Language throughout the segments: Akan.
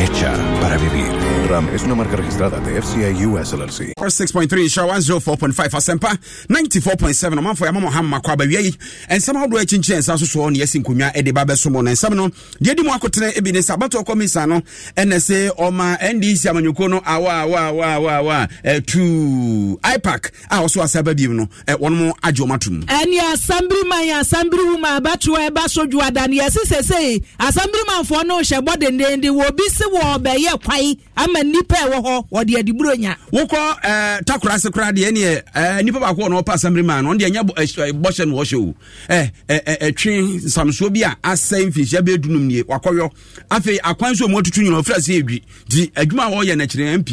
hecha para vivir. Ram es una marca registrada de FCI US LLC. 6.3 Insha 104.5 Asempa 94.7 Ɔmanfo yɛ amama hamma kɔ abawia yi nsɛm ahodoɔ akyinkyin nsa so soɔ ne yɛsi nkonnwa de ba bɛso mu no nsɛm no deɛ di mu akotene ebi ne sɛ abatoɔ kɔmisa no ɛna sɛ ɔma NDC amanyɔkuo no awa awa awa awa awa ɛtu IPAC a ɔso asa ba biem no wɔn mo agye ɔmo atum. ɛni asambirima yɛ asambiriwuma abatoɔ ɛba so ju adani yɛsi sese asambirimanfoɔ no hyɛ bɔ dendenden wɔ bi si wɔ bɛyɛ kwan ama nipa ɛwɔ hɔ wɔde adiburo nya. wokɔ ɛɛ eh, takora ase kora deɛ ɛniɛ ɛɛ eh, nipa baako wɔn ɔpa asɛmiri maa no ɔdeɛ ɛnyɛ eh, bɔhyɛ no wɔhyɛ o ɛɛ ɛɛ ɛtwi nsamsuo bi a asɛn mfinhyia bɛɛ dunum nie wakɔyɔ afei akwan so mu atutu nyina ofura edwi di adwuma a wɔyɛ n'akyire mp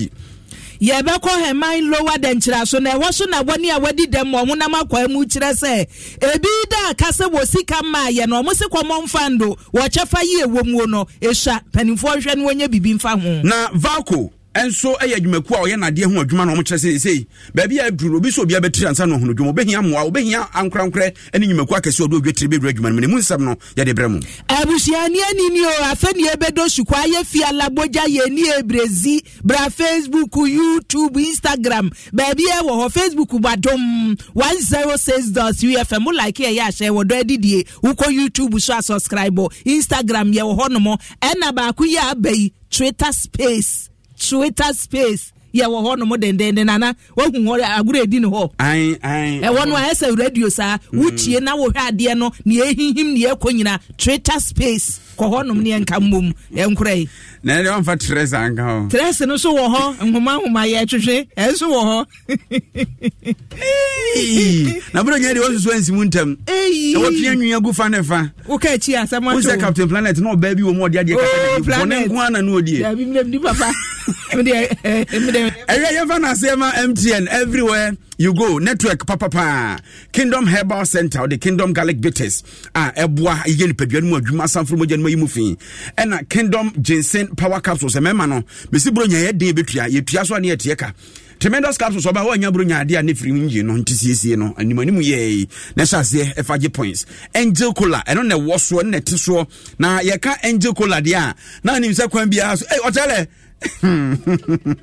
yɛbɛkɔ hɛman lowa dɛ nkyerɛso na ɛwɔ so na wɔne a wɔdi dɛm wɔn nam akɔ mu kyerɛ sɛ ebi da aka sɛ wɔ sika maa yɛ no wɔn si kɔmɔ nfa ndo wɔkyɛ fa yie wɔ mu no esua mpanimfoɔ hwɛ no wɔnyɛ bibi nfa ho. na vaako ɛnso ɛyɛ adwumakuo a ɔyɛ nadeɛ ho adwuma na ɔmo kyerɛ sɛ sei baabi a aduru obi sɛ obi abɛtiri ansa na ɔhono adwuma obɛhia mmoa obɛhia ankorankorɛ ne nnwumakuo akɛseɛ ɔde odwatiri bɛduru adwuma no mu ne mu nsɛm no yɛde brɛ mu abusuane ni o afɛ ne yɛbɛdɔ sukwa yɛ fi alabogya yɛni ɛbrɛzi e bra facebook youtube instagram baabi ɛwɔ e hɔ facebook badom 106 ufm mo like yɛyɛ ahyɛ wɔdɔ adidie wokɔ youtube so a instagram yɛwɔ hɔ nom ɛna baako yɛ aba yi twitter space Twitter space yɛwɔ hɔ nom dendenden nana woahu hɔ agorɔ ɛdi ne hɔ ɛwɔ no a ɛsɛ radio saa mm. wotie na wohwɛ adeɛ no ne ɛhihim ne ɛkɔ nyina trata space kɔ hɔ nom ne ɛnka mmom ɛnkorɛ na ɛde wamfa tres anka hɔ tres no so wɔ hɔ nhoma nhoma yɛ ɛnso wɔ hɔ na bɛrɛ nyɛ deɛ wɔsusu ansi ntam na wɔpia nwia gu fa ne fa woka akyi asɛm ato sɛ captain planet na ɔbaa bi wɔ mu ɔde adeɛ kasa oh, nko ana na ɔdie ɛwia yɛmfa no aseɛ ma mtn everywhere you go network papapa kingdom herbal center wode kingdom garlic bitters a ɛboa yɛ nipadua no mu adwuma asamforo mogya no ma yi mu fii ɛna kingdom jensen power capsules ɛmɛma no mesi boro nya yɛden yɛbɛtua yɛtua so a ne yɛteɛ ka tremendous capsules ɔba woanya boro nyaadeɛ a ne firi mu yie no nte siesie no animanim yɛi na hyɛ aseɛ ɛfa gye points angel cola ɛno na ɛwɔ soɔ ne na ɛte soɔ na yɛka angel cola deɛ a na anim sɛ kwan a, so ɔtɛlɛ Hmm.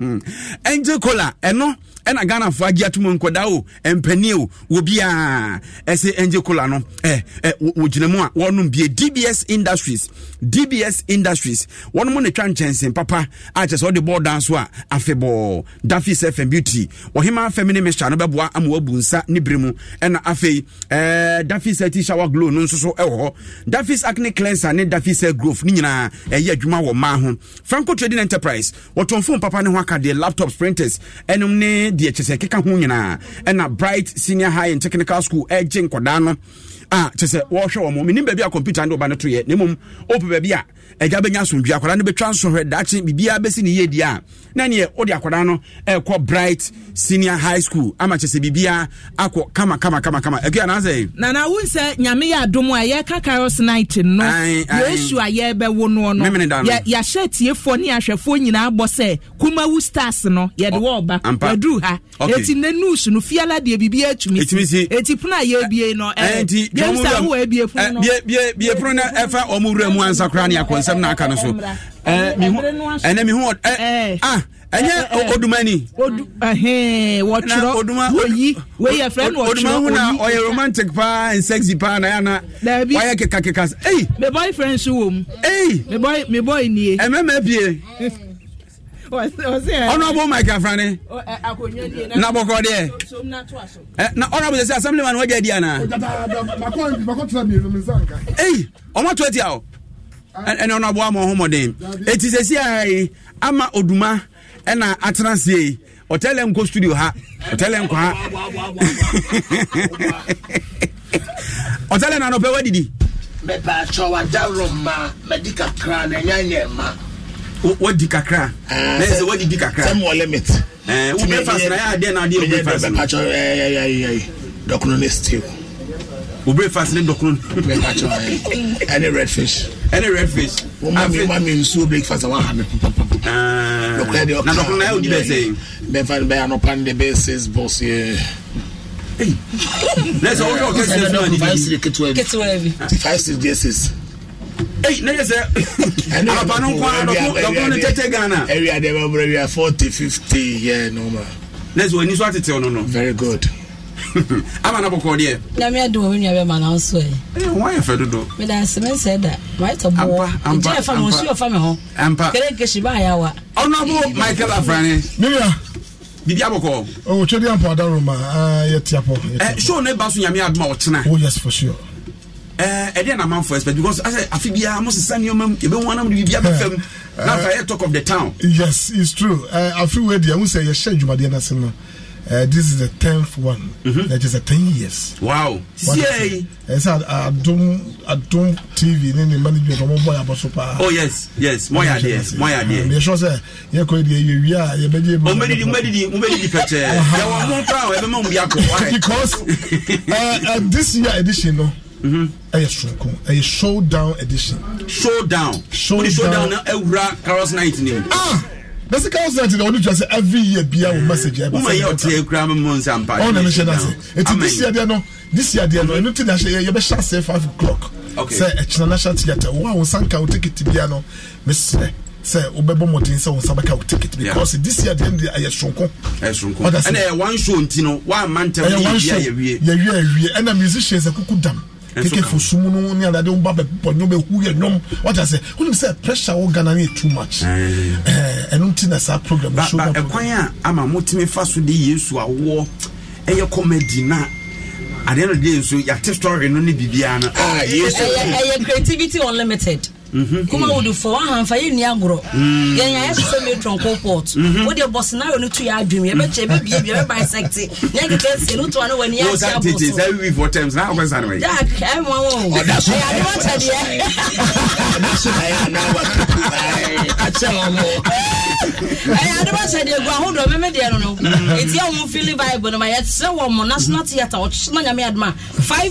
angel cola ɛno ɛna ghanafoɔ agye atom nkɔda o mpani o wɔbiaa ɛsɛ ɛngye kola no eh mu a wɔnom bie dbs industries dbs industries wɔnom ne twa nkyɛnsen papa a kyɛ sɛ wode bɔɔda so a afebɔɔ dafis fm beauty ɔhema fam ne mehya no bɛboa ama wabu nsa ne bere mu ɛna afei dafis ati shower glow no nso so ɛwɔ hɔ dafis acne cleanser ne dafis growth ne nyinaa ɛyɛ adwuma wɔ mmaa ho franco trading enterprise wɔtɔn phone papa ne ho aka laptops printers ɛnom ne deɛ kyɛ keka ɛkeka ho nyinaa ɛna bright senior high and technical school ɛgye nkɔdaa no a ah, sɛ wɔhwɛ wɔ menim baabi a computer ne woba no toyɛ na mmom wopɛ baabi a agya bɛnya asomdwa akwadaa no bɛtwa nsɔhwɛ daakye biribiaa bɛsi ne di a na neɛ wode akwadaa no ɛkɔ bright senior high school ama kyɛ sɛ biribiaa akɔ kama ɛkua nana wo sɛ nyame yɛ adom a yɛka caros night no a yɛbɛwo noɔ no yɛahyɛ ne nyinaa bɔ sɛ kuma wo stars no yɛde wɔ ɔba yɛduru ha ɛti bie pono no ɛfa ɔmo wura mu ansa koraa ne akɔnsɛm no aka no so ɛnɛ mehu ɛnyɛ odumani oduma hu na ɔyɛ romantic paa and sexy paa na yana wayɛ kekakeka ei me boyfriend so wɔ mu ei me boy nie ɛmɛma bie honorable mike afrani oh, eh, na bɔkɔ deɛ eh, na honorable sɛ assemblyman wagya di anaa ei ɔma to atia o ɛne ama ɔhomɔden ɛti sɛsi ai ama oduma ɛna atena seei ɔtɛlɛ studio ha ɔtɛlɛ nkɔ ha ɔtɛlɛ nanɔpɛ wadidi mɛbɛakyɛwadawrɔ ma ka kakra na ɛnyanyɛ ma wadi kakra na sɛ wadi di kakra sɛ mɔ limit wo breakfast na yɛ adeɛ na adeɛ wo breakfast dɔkono ne stew wo breakfast ne dɔkono ɛne red fish ɛne red fish woma me nsuo breakfast a waha me na dɔkono na yɛ wodi bɛ sɛ bɛfa no bɛyɛ anɔpa no de bɛyɛ six bos yɛ na sɛ woyɛ ɔkɛsɛ no anidi 5 6 5 6 6 na yɛ sɛ apa no nko ara dɔko ne tɛtɛ ghana awia deɛ bɛbrɛ wia 40 50 yɛ noma na sɛ w'ani so atetew no no very good ama na bɔkɔ deɛ nyame ade wɔ me nua bɛma na nso ɛ e. eh, woayɛ fɛ dodo meda semensɛ da maɛtɔ boɔgya ɛfa me ɔsuo ɔfa me ho kerekehyi baayɛwa ɔnabo michael afrane memia bibi abɔkɔ ɔwɔtwɛdeɛ oh, ampa adaro ma ah, yɛtiapɔ eh, show no ba so nyame adom a oh yes for sure ɛdeɛ eh, na amanfo expect because asɛ afi biara mo sisa nneɛma mu yɛbɛhu anam de biribi abɛfam na afa yɛ talk of the town. yes it's true eh, afi wo edi ɛmu sɛ yɛhyɛ dwumadeɛ n'ase no. Uh, this is the tenth one. Mm-hmm. That is a ten years. Wow. Yay. Yes, eh, I don't, I don't TV. Then the management of boy about Oh yes, yes. My idea, my idea. The show say, yeah, koi di you oh, ya, yeah, baby. Oh, meri di, meri di, meri di pete. Yeah, one more time. Because uh, uh, this year edition, no ɛyɛ sonko ɛyɛ showdown edition. showdown showdown showdown na ewura carols night ni. ah bẹsẹ carols night na wọn tún sẹ every year bia wọn message ẹ bá sẹ. wọn yẹ ọtí ekura mi mu nsa mpa. ọ̀nà mi hyẹ náà sẹ etí disi adiẹ nọ disi adiẹ nọ ẹnu ti na hyẹ yẹ bẹ hyẹ asẹ five o'clock. sẹ ẹkyinna national theatre wọn a wọn sanka wọn tikiti bia nọ mesrẹ sɛ wobɛbɔ mmɔden sɛ wo nsa bɛka wo ticket because this year deɛ de ayɛ sonko ɛna ɛyɛ one show nti no woamma ntɛm yɛwie yɛwie ɛna musicians akuku dam kekefo sumu no ne adade wo ba bɛbɔ nnwom ɛhu yɛ nnwom wagya sɛ wonim sɛ pressure wo ghana no yɛ too much ɛno eh. eh, nti na saa program ɛkwan a ama motumi fa so de yesu awoɔ ɛyɛ kɔmadi na adeɛ no de nso yɛate story no ne biribiaa no ɛyɛ creativity unlimited kuma wo de fɔ wahanfa yɛ nua agorɔ yɛn yɛn ayɛ sɛ mi trɔnko port o de bɔ scenario ne tu yɛ adwuma yɛ bɛ kyɛ bɛ bie bie bɛ bisect yɛn kɛkɛ nsia ne tɔn ne wɔ ni yɛ asi abɔ so. sɛ wiwi fɔ tɛm sinna akɔ sanni wɛ. daa kɛ mɔ wɔn o ɛyà so na yɛ ana wa tupu ayi a kyɛ wɔn mɔ. ɛyà ni wọn five.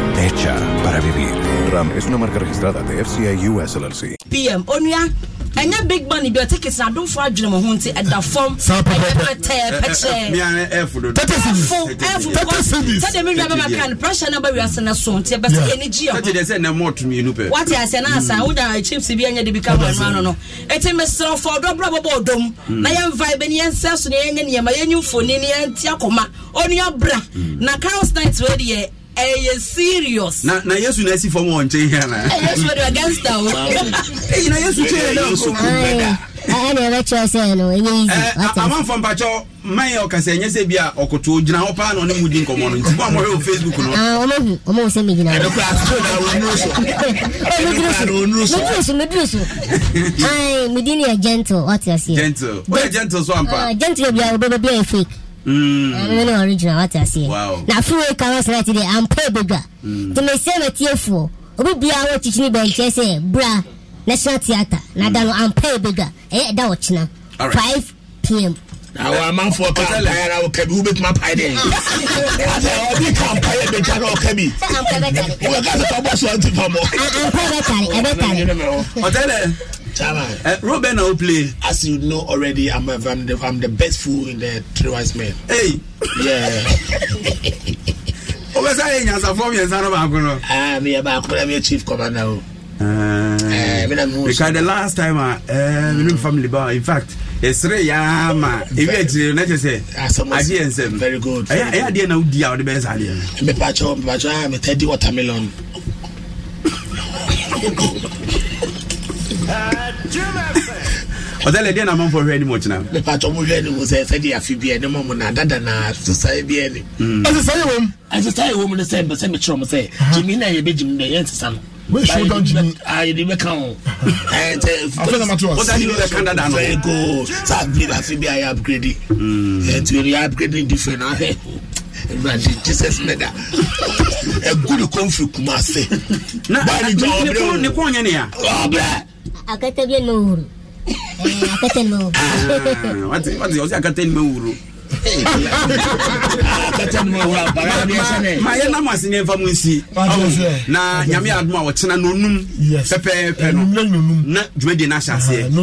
hecha para vivir. Ram es una marca registrada de US LLC. PM, Onya. ɛnyɛ big money bi ɔte kese adomfo adwene mo ho nti ɛda fam ɛyɛ pɛtɛɛ pɛkyɛ ɛfo ɛfo because chips no vibe bra ɛyɛ serious. na na yesu na esi fam wɔ nkyɛn yɛn na. yesu de ɔgɛnsta o. eyi na yesu kyerɛ dɛ ɔkò mbɛda. ɛna ɛbɛ kyerɛ sɛ ɛna ɛyɛ easy. amanfo mpatsɔ mman yɛ ɔkasa ɛnyɛ sɛ bia ɔkoto gyina hɔ paa na ɔne mu di nkɔmɔ no nti bɔn mo hɛ o facebook no. ɔmɔ hu ɔmɔ hu sɛ mi gyina hɔ. ɛdɛ kura aso na onuru so. onuru so onuru so onuru so. ɛɛ mi di ni yɛ gentle ɔte aseɛ. gentle o yɛ gentle so ampa. gentle yɛ bi a o bɛ bɛ bi a yɛ fake ɛnno mm. ne gyina wate aseɛ na afewe ka wɔ sɛ te deɛ ampa badwa mm. nti mesie matiefoɔ obi biaa wɔkyikyini bɛnkyɛ sɛ bra national theatre na da no ampa badwa ɛyɛ ɛda wɔkyena 5 pm àwọn amanfoɔ pa mpaeɛ ara ɔka bi wobɛtumi apae dɛn asɛ ɔde ah. ka mpaeɛ bɛgya ah, ah, eh, na ɔka bi wobɛka sɛ ɔbɔ so ante fa mɔ Uh, Robin, I'll play. As you know already, I'm, I'm, the, I'm the best fool in the three wise men. Hey, yeah. wobɛsa yɛ nyasafoɔ miɛnsa no baako no meyɛ baako na meyɛ chief commander o eh. Eh, because the last time a uh, menem family ba in fact yɛsere yaa ma ewi akyire na kyɛ sɛ adeɛ nsɛm ɛyɛ adeɛ na wodi a wode bɛyɛ saa adeɛ no mepakyɛ ah, mepakyɛ a metɛ di watermelon ɔtɛlɛ deɛ na mamfo hwɛ anim ɔkyena mepakyɛ mo hwɛ anim sɛ sɛde afe bia ne ma mo na dada na sesae bia ni ɛsesae wom ɛsesae wom no sɛ mpɛ sɛ mekyerɛ mo sɛ gyimi na yɛbɛgyim no yɛnsesa no wey show ah, eh, down jimmy. ayi de bɛ kan o. ɛɛ tɛ fota jimmy bɛ kan dada nɔ. fɛn ko sa bi la fi bi a ye upgrade. ɛɛ tu ye upgrade different ahɛ. Eh. Imagine Jesus meda. A eh, good comfy kumase. Na ni ko ni ko nyane ya. Obra. Oh, akata bi no huru. Akata no. Ah, wati wati o si akata ni me huru mayɛ nam ase ne ɛmfa mu nsi na nyame adom a wɔkyena nonum pɛpɛɛpɛ no na dwumadie no ahyɛ aseɛ ah, nti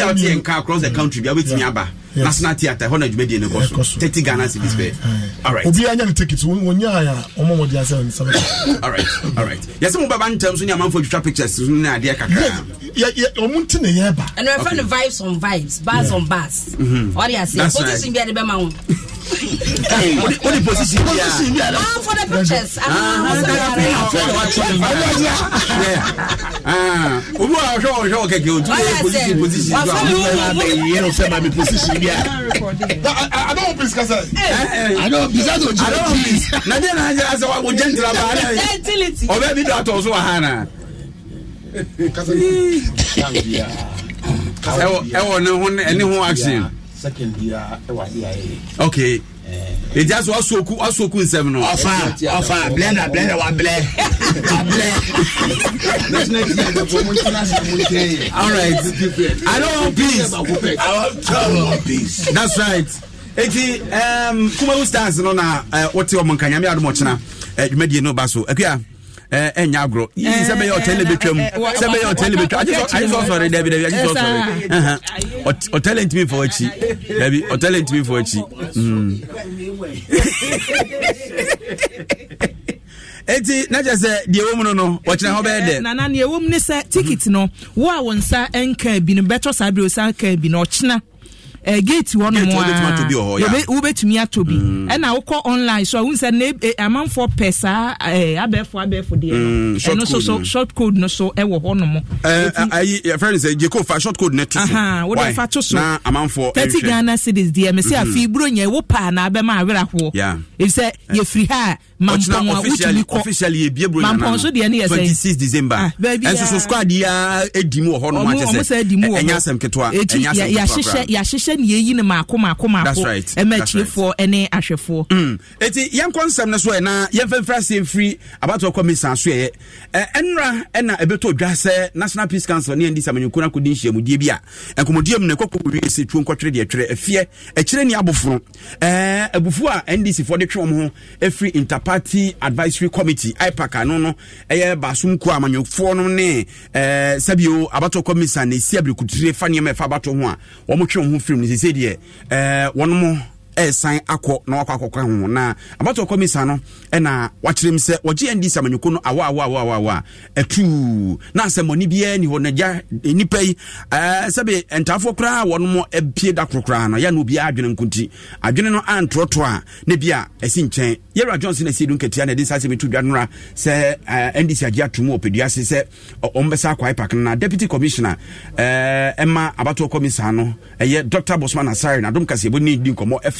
a wote nka across the country bia wobɛtumi aba national theatre hɔ na dwumadie no kɔ so 30 ghana se bis pɛ obiaa nya ne tickets so ne amanfoɔ atwitwa pictures so ne adeɛ kakraa ɔmo nti na yɛ ba. ɛnu ɛfɛ no vibes on vibes bars yeah. on bars. ɔdi mm-hmm. ase position bi a de bɛ ma wo. o de position bi a. position bi a. ah for the pictures. olu a ɔhwɛ ɔhwɛ ɔkɛkɛ o tún yɛ position position bi a. ɔfɔ mi wo yɛ o fɛ ma mi position bi a. a dɔw bi sikasa. a dɔw bi sikasa o jɛ. a dɔw bi na den na an jɛ ase wa o jɛ n tila ba. ɔbɛ bi do a tɔ so wa hana ɛwɔ ne ho ɛne ho action okay ɛgya so asoku asoku nsɛm no ɔfa ɔfa blender blender wa blɛ wablɛ all right i don't want peace i want peace that's right eti um, kumawu stars no na uh, wɔte ɔmo nkanyame adomɔkyena adwumadie uh, no ba so akua ɛnya eh, eh, agorɔ yii sɛ bɛyɛ ɔtɛn ne bɛtwam sɛ bɛyɛ ɔtɛn ne bɛtwam agye sɔ sɔre dabi dabi agye sɔ eh, sɔre ɔtɛlɛ ntumi fɔ akyi dabi ɔtɛlɛ ntumi fɔ akyi hmm. eti na kyɛ sɛ deɛ ɛwɔ mu no no wɔkyerɛ hɔ bɛyɛ dɛ nana deɛ ɛwɔ mu ne sɛ tikiti no wo a wo nsa nka bi no bɛtɔ saa bere o sa nka bi no ɔkyena uh, gate hɔ nom a wobɛtumi atɔ bi mm. ɛna wokɔ online so wohu sɛ na eh, amanfoɔ pɛ saa eh, abɛɛfo abɛɛfo deɛ mm, ɛno so so short code no so ɛwɔ hɔ nom yɛfrɛ no sɛ gyeko fa short code no to so wode fa to so na amanfoɔ 30 ghana cities deɛ me sɛ mm-hmm. afei buro nyɛ wo paa na abɛma awerɛhoɔ ɛfisɛ yɛfiri ha a mampɔn a wotumi kɔmampɔn so deɛ ne yɛ sɛ26 december ah, ɛnso so squad yi a ɛdi mu wɔ hɔ nom akyɛ sɛ ɛnyɛ asɛm ketewa yɛahyehyɛ ɛnhyɛ ne yɛyi no maako maako maako ɛma akyiefoɔ ne ahwɛfoɔ ɛnti mm. yɛnkɔ nsɛm no so ɛ na yɛmfɛmfrɛ aseɛ mfiri abatoɔ kɔ mesa so ɛyɛ ɛnra ɛna ɛbɛtɔ dwa sɛ national peace council ne ɛndi samanyɛnku no akɔdi nhyiamudie bi a nkɔmmɔdie mu no ɛkɔkɔwie sɛ tuo nkɔtwere deɛ twerɛ ɛfiɛ ɛkyerɛ ni aboforo ɛɛ abufuo a ndcfoɔ de twe wɔn ho ɛfiri interparty advisory committee ipac ano no ɛyɛ baasom kuo amanyɔfoɔ no ne ɛɛ sɛbio abatoɔ kɔ mesa na si abirikutire fa nneɛma ɛfa abatoɔ ho a wɔn twe wɔn ho firi no sɛsɛ deɛ wɔnom ɛsan akɔ na wakɔ akɔkɔ ho na abatɔ kɔ misa no ɛna wakyerɛ m sɛ wɔgye ɛndi sɛ amanyɔko no awa awa awa awa awa ɛtu na asɛmmɔne biara ni hɔ na gya eh, nnipa yi ɛɛ eh, sɛbi ntaafoɔ koraa wɔn ebie da koro koraa no yɛn no obiara adwene nkonti adwene no antorɔtɔ a ne bia ɛsi nkyɛn yɛwura johnson ɛsi edu nketewa na ɛde nsa asɛm etu dwa nora sɛ ɛɛ eh, ndc agye atum wɔ pedua ase sɛ wɔn bɛsa akɔ aipak no na deputy commissioner ɛɛ ɛma abatɔ kɔ misa no ɛyɛ dr bosman asare na adom kaseɛbɔ ne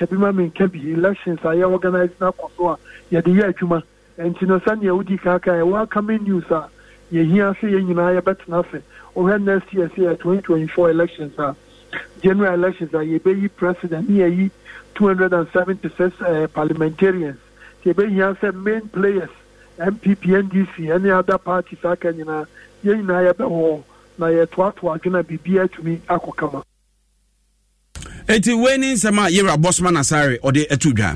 kabi ma mi nka bi elections a yɛ organize na so a yɛde yɛ adwuma nti no sɛnea wodi kaka ɛwɔ akame news a yɛhia sɛ yɛn nyinaa yɛbɛtena ase wohwɛ next year sɛ yɛ 2024 elections a general elections a yɛbɛyi president ne yɛyi 276 uh, parliamentarians nti yɛbɛhia sɛ main players mpp ndc ne other parties aka nyinaa yɛn nyinaa yɛbɛhɔ na yɛtoatoa adwene a atumi akɔ kama eti wei ni nsɛm a yɛwura bɔsoma nasare ɔde ɛtu dwa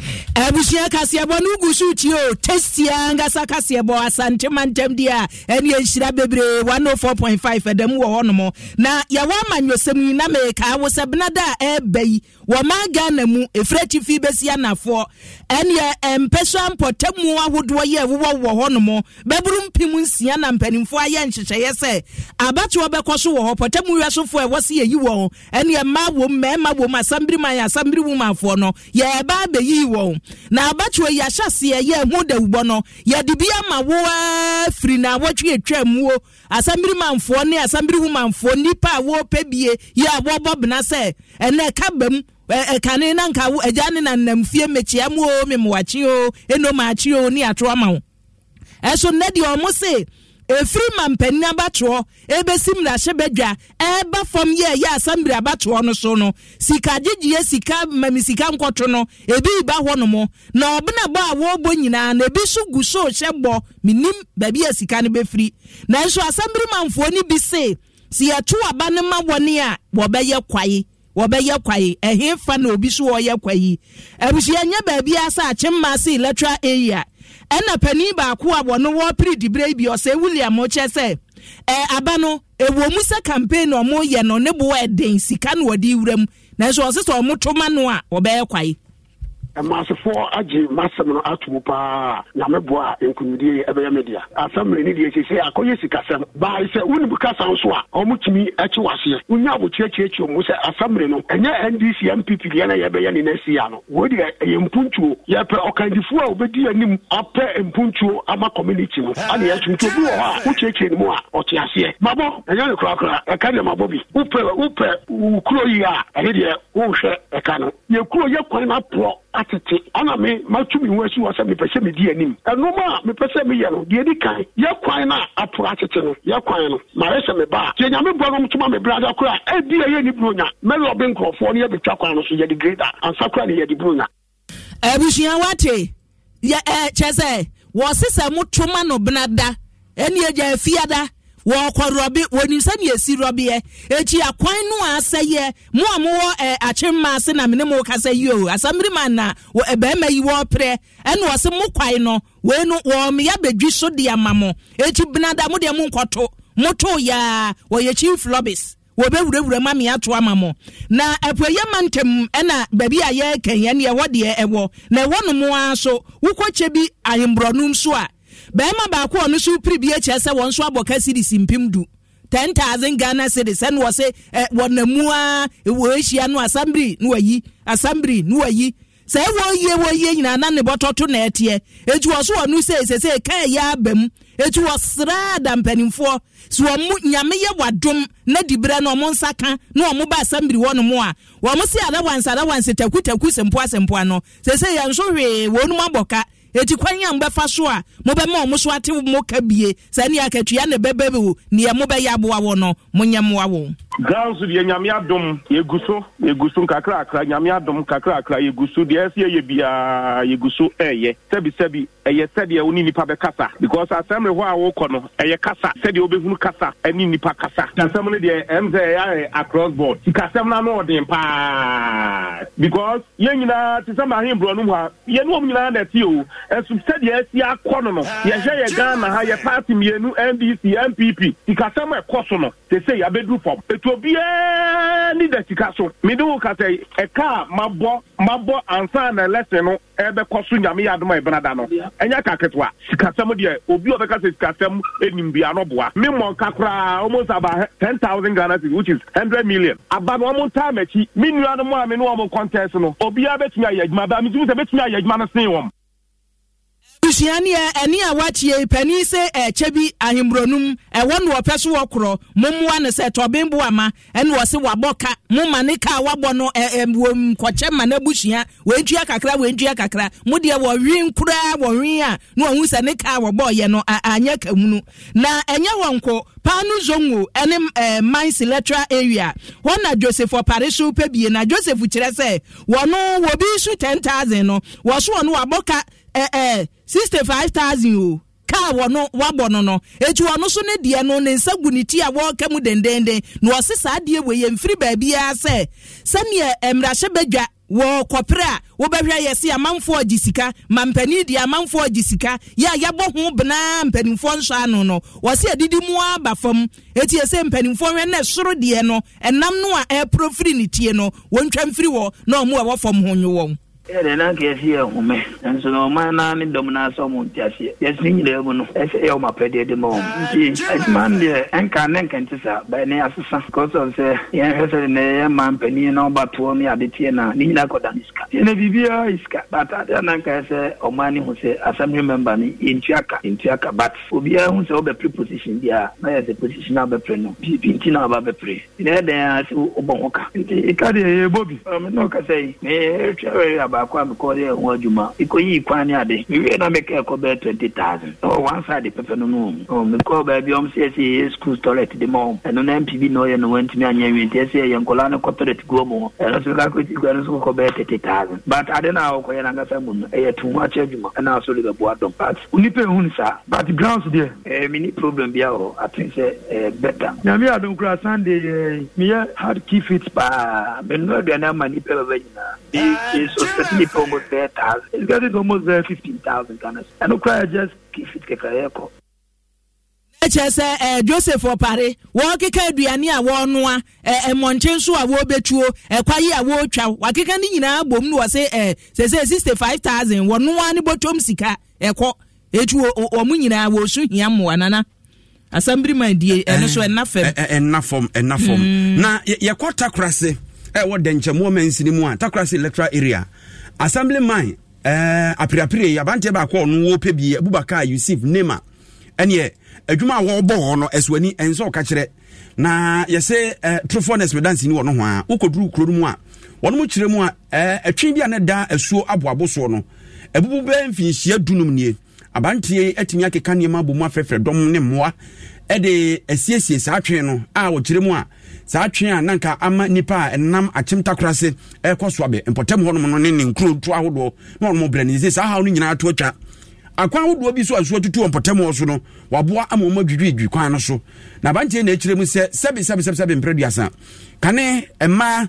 abusua kaseɛbɔ no wogu so tie o testia nkasa kaseɛbɔ asantema ntam di a ɛne ɛnhyira bebree 104.5 ɛda mu wɔ hɔ na yɛwɔ ama nnwosɛm yi na mekaa wo sɛ benada a ɛɛba yi wɔma ghana mu ɛfiri atifi bɛsi anafoɔ ɛneɛ ɛmpɛ so ampɔtamu ahodoɔ yɛ ɛwowɔ wɔ hɔ nom bɛboro mpem nsia na mpanimfoɔ ayɛ nhyehyɛeɛ sɛ abatoɔ bɛkɔ so wɔ hɔ pɔtamu wiasofoɔ ɛwɔ se yɛyi wɔn ɛneɛ mma wom mmarima wom asambiri man asambiri womafoɔ no yɛɛba abɛyiyi wɔn na abatoɔ yi ahyɛseɛ yɛ ho dawubɔ no yɛde bi ama wo afiri na awɔtwe atwa muo asambiri manfoɔ ne asambiri womanfoɔ nnipa a wɔpɛ bie yɛ a bena sɛ ɛnna ɛka bɛm ɛkane na nka ɛgya ne nanam fie mekyia mu o memwakye o enomaakye o ne ato ama wo ɛso nnɛ deɛ ɔmo se efiri mampanin abatoɔ ebesi mmarahyɛ badwa ɛɛba fam yɛ ɛyɛ asambere abatoɔ no so no sika gyegyeɛ sika mami sika nkɔto no ebi ba hɔ nom na ɔbɛna bɔ a wɔrebɔ nyinaa na ebi so gu so hyɛ bɔ minim baabi a sika no bɛfiri nanso asambere manfoɔ no bi se si yɛto aba ne ma wɔne a wɔbɛyɛ kwae wɔbɛyɛ kwae ɛhe fa na obi so wɔyɛ kwae abusua nyɛ baabi asa akyemma se electoral area ɛna panin baako a wɔn wɔpere dibere bi ɔsɛ william ɔkyɛ sɛ ɛɛ aba no ewu mu sɛ campaign na wɔn yɛ no ne bo ɛden sika na wɔde wura mu nanso ɔsɛ sɛ wɔn to no a wɔbɛyɛ kwae maasefoɔ agye masɛm no ato mu paa na meboa a nkonimdie ɛbɛyɛ media. dea asɛm mmerɛni deɛ sɛ sɛ akɔyɛ sikasɛm bae sɛ wonim kasa nso a ɔmotumi akyi waseɛ wonya abokyerɛkyerɛkyio mu sɛ asamere no ɛnyɛ ndc mpp deɛ na yɛbɛyɛ ne nasi a no wei deɛ ɛyɛ mpuntuo yɛpɛ ɔkandifoɔ a wobɛdi anim apɛ mpuntuo ama community no ane yɛatum nti obi wɔ hɔ a wokyerɛkyerɛ no mu a ɔte aseɛ mabɔ ɛnyɛ ne korakora ɛka deɛ mabɔ bi wopɛ wopɛ wo kuro yi a ɛne deɛ wonhwɛ ɛka no yɛkuro yɛkwan no aporɔ atete ana me matumi ho asi wɔ sɛ mepɛ sɛ medi anim ɛnoma a mepɛ sɛ meyɛ no deɛ di kan yɛ kwan no a aporo atete no yɛ kwan no maayɛ sɛ meba a deɛ nyame boa no mtoma me brada kora a ɛdi a yɛni buronya mɛyɛ ɔbe nkurɔfoɔ no yɛbɛtwa kwan no so yɛde greda ansa kora ne yɛde bronya. abusua wate kyɛ eh, sɛ wɔ se sɛ motoma no bena da ɛne agya afia da wɔkɔ rɔbi wɔnim sɛdeɛ esi rɔbiɛ ekyi akwan no asɛ yɛ mu a mowɔ ɛɛ akyemma ase na mene mo kasa yi o asamirima na wɔ ɛbɛrima yi wɔɔprɛ ɛna wɔsi mo kwae no wɔn no wɔn yɛ abɛdwi so de ama mo ekyi benada mo deɛ mo nkɔto mo to yaa wɔyɛ chief lobbies wɔbɛwurawura ma me ato ama mo na apueyɛ ma ntɛm ɛna baabi a yɛkɛn yɛn deɛ ɛwɔ deɛ ɛwɔ na ɛwɔ no mo ara so wokɔkyɛ bi ahemborɔnum so a bɛrima baako a ɔno so piri bi akyerɛ sɛ wɔn nso abɔ kasi de si mpem du ten thousand ghana cedis ɛna wɔ se ɛ wɔnamu a wɔ ahyia no asambiri no wɔyi asambiri no wɔyi sɛ wɔyie wɔyie nyinaa na ne bɔtɔto na ɛteɛ etu wɔ so wɔn sɛ sɛsɛ kaa yɛ aba mu etu wɔ sraa da mpanimfoɔ so wɔn mu nyame yɛ wadom na dibere na wɔn nsa ka na wɔn ba asambiri wɔ no mu a wɔn si adawansi adawansi taku taku sempoa sempoa no sɛsɛ yɛn nso hwee wɔn mu abɔ ka eti kwan a mbɛfa so a mobɛma ɔmo so ate mo ka bie sɛ ne yɛ akatua ne bɛbɛ bi wo neɛ mobɛyɛ aboa wɔ no monyɛ mmoa wɔ ground so deɛ nyame adom yɛgu so yɛgu so nkakrakra nyame adom kakrakra yɛgu so deɛ ɛsɛ yɛyɛ biaa yɛgu so ɛɛyɛ sɛbisɛbi ɛyɛ sɛdeɛ wo ne nnipa bɛkasa because asɛmre hɔ a wokɔ no ɛyɛ kasa sɛdeɛ wobɛhunu kasa ɛne nnipa kasa asɛm no deɛ ɛm sɛ ɛyɛ across board sikasɛm no ano ɔden paa because yɛn nyinaa te sɛ mahemborɔ no mu a yɛne wɔm nyinaa na ɛte o ɛso sɛdeɛ asi akɔ no no yɛhwɛ yɛ ghana ha yɛ party mmienu ndc mpp sikasɛm ɛkɔ so no sɛ sɛ yɛabɛduru fam nti obiara ni da sika so mede wo kasa yi ɛka a mabɔ mabɔ ansa na lɛsin no ɛbɛkɔ so nyame yɛ adom a ɛbɛna da no ɛnyɛ ka ketewa sikasɛm deɛ obi a ɔbɛka sɛ sikasɛm nim no boa me mmɔnka koraa almost about ten thousand ghana cedis which is hundred million aba no ɔmo ntaa m'akyi me nua no mu a me ne ɔmo contest no obiara bɛtumi ayɛ adwuma baa me tumi sɛ bɛtumi ayɛ adwuma no sen wɔm susuaneɛ eh, ɛne eh, a wakyie panin sɛ ɛkyɛ bi ahemburonum ɛwɔ no wɔpɛ so wɔkorɔ mommoa no sɛ tɔben bo ama ɛne wɔse wabɔ ka moma ne ka a wabɔ no wɔm kɔkyɛ ma no abusua wɔntua kakra wɔntua kakra modeɛ wɔwe nkoraa wɔwe a na ɔhu eh, sɛ ne ka a wɔbɔɔyɛ no anyɛ ka munu na ɛnyɛ wɔn ko paanu zongo ɛne ɛɛ mines electoral area wɔn na joseph ɔpare so pɛ na joseph kyerɛ sɛ wɔn no wɔbi so ten thousand no wɔso wɔn no wabɔ ka ɛɛ ɛɛ sixty five thousand o kaa wɔn wabɔ no no etu wɔn nso ne deɛ no ne nsa gu ne ti a wɔreka mu dendenden na wɔsi saa adeɛ wɔ yɛ mfiri baabi ya sɛ sɛnea mmarahyɛ badwa wɔ kɔpere a wɔbɛhwɛ yɛ si amanfoɔ gye sika ma mpanin deɛ amanfoɔ gye sika yɛ a yɛbɔ ho benaa mpanimfoɔ nso ano no wɔsi adidi mu aba fam eti ɛsɛ mpanimfoɔ hwɛ na soro deɛ no ɛnam no a ɛɛpro firi ne tie no wɔntwa mfiri wɔ na wɔn a ɛwɔ ho nye wɔn yɛde na nka yɛsi yɛ home nso na ɔman na ne dɔm na asɛ ɔmo nte yɛsi nyinaa mu no ɛsɛ yɛ ɔmo apɛdeɛ de ma wɔn nti adwuma no deɛ ɛnka ne nka nte saa bɛyɛ ne asesa kɔsɔ sɛ yɛnhwɛ sɛ ne yɛ ma mpanyin na ɔba ne ade na ne nyinaa kɔda ne sika teɛ na biribiara yɛ sika but adeɛ na nka yɛ sɛ ɔman ne ho sɛ assembly member no yɛntua ka yɛntua ka but obiara ho sɛ ɔbɛpere position bi a na yɛ sɛ position a ɔbɛpere no biribi nti na ɔba bɛpere ne yɛ a sɛ ɔbɔ ho ka nti ɛka deɛ yɛbɔ bi ɔmo ne ɔkasa yi baako a mekɔɔde ɛho adwuma kwan ne ade na ɛkɔ bɛɛ twenty thousand one side pɛpɛ no no baabi ɔm sɛ ɛsɛ yɛyɛ school de ma ɛno na mpi bi na ɔyɛ no anyɛ nti ɛsɛ mu hɔ ɛno so meka kɔti kua no so kɔkɔ bɛɛ thirty thousand but ade no a wɔkɔyɛ no ankasa mu no ɛyɛ to ho akyɛ adwuma ɛna bɛboa dɔm but onipa ɛhu saa but grounds deɛ problem wɔ aten sɛ bɛta nyame adom kora sunday meyɛ hard key fit paa aduane ama bɛbɛ nyinaa getting it almost there thousand. It's getting almost there fifteen thousand Ghana. I don't cry. I just keep it kekere kọ. ɛkyɛ sɛ joseph ɔpare wɔɔkeka aduane a wɔɔnoa ɛɛ mmɔnkye nso a wɔɔbɛtuo ɛkwayi a wɔɔtwa wakeka ne nyinaa bom no wɔse ɛɛ sɛsɛ sixty five thousand wɔnoa ne bɔtɔm sika ɛkɔ etu wɔn nyinaa wɔɔsu hia mmoa nana asambirima die ɛno so ɛna fam ɛna fam ɛna fam na yɛkɔ takorase ɛwɔ eh, dɛnkyɛmoɔ mansini mu a takorase electoral area assembly man uh, eh, apreapre yi abanteɛ baako a ɔno wɔpɛ bi abubakar yusuf nema ɛneɛ adwuma a wɔbɔ hɔ no ɛso ani ɛnsɛ ɔka kyerɛ na yɛsɛ uh, trofoɔ no ɛspedanse ni wɔ no ho a wokɔduru kuro no mu a wɔno eh, mu kyerɛ mu a ɛtwe bi a ne da asuo aboabo soɔ no abubu bɛɛ mfinhyia dunum nie abanteɛ atumi akeka nneɛma abɔ mu dɔm ne mmoa ɛde asiesie saa twe no a wɔkyerɛ mu a saa twe a nanka ama nipa a ɛnam akyemtakora se ɛkɔ so abɛ mpɔtam hɔnom no ne ne nkuro to ahodoɔ na ɔnom brɛ ne sɛ saa haw no nyinaa to atwa akwan ahodoɔ bi so asuo tutu ɔmpɔtam hɔ so no waboa ama ɔma dwidwiidwi kwan no so na abanteɛ na akyirɛ mu sɛ sɛbesɛbesɛbesɛbe mprɛ duasa kane ɛmaa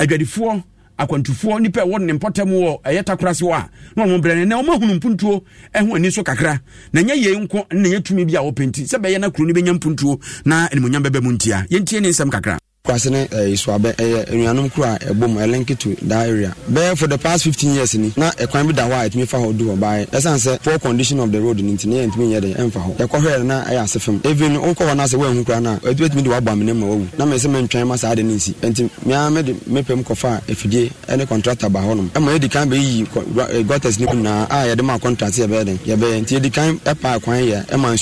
adwadifoɔ akwantufoɔ nipa ɛwɔ ne mpɔtam wɔ ɛyɛ takora se hɔ na ɔmo brɛ ne na ɔmo ahunu mpuntuo ɛho ani so kakra na nyɛ yɛn nko na nyɛ tumi bi a wɔpɛ nti sɛ bɛyɛ na kuro no bɛnya mpuntuo na animonyam bɛbɛ mu ntia yɛntie ne nsɛm kakra kwase ne eh, isuabɛ ɛyɛ eh, nnuanom eh, kuro a ɛbɔ da area bɛɛ for the past fifteen years ni na ɛkwan bi da hɔ a ɛtumi fa hɔ du hɔ baayɛ ɛsan sɛ poor condition of the road ni nti ne yɛ ntumi yɛ de ɛnfa hɔ ɛkɔhwɛ yɛ na ɛyɛ ase fam even no wokɔ hɔ na sɛ wɔanhu kura na ɛtu ɛtumi de wabɔ amena mu na wawu na mɛ sɛ mɛntwɛn ma saa de ne nsi nti mmea mɛ de mɛpɛ mu kɔfa efidie ɛne contractor ba hɔnom ɛma yɛdi kan bɛyiyi gutters ne nyinaa a yɛde ma contract yɛbɛyɛ den yɛbɛyɛ nti yɛdi kan ɛpa kwan yɛ ɛma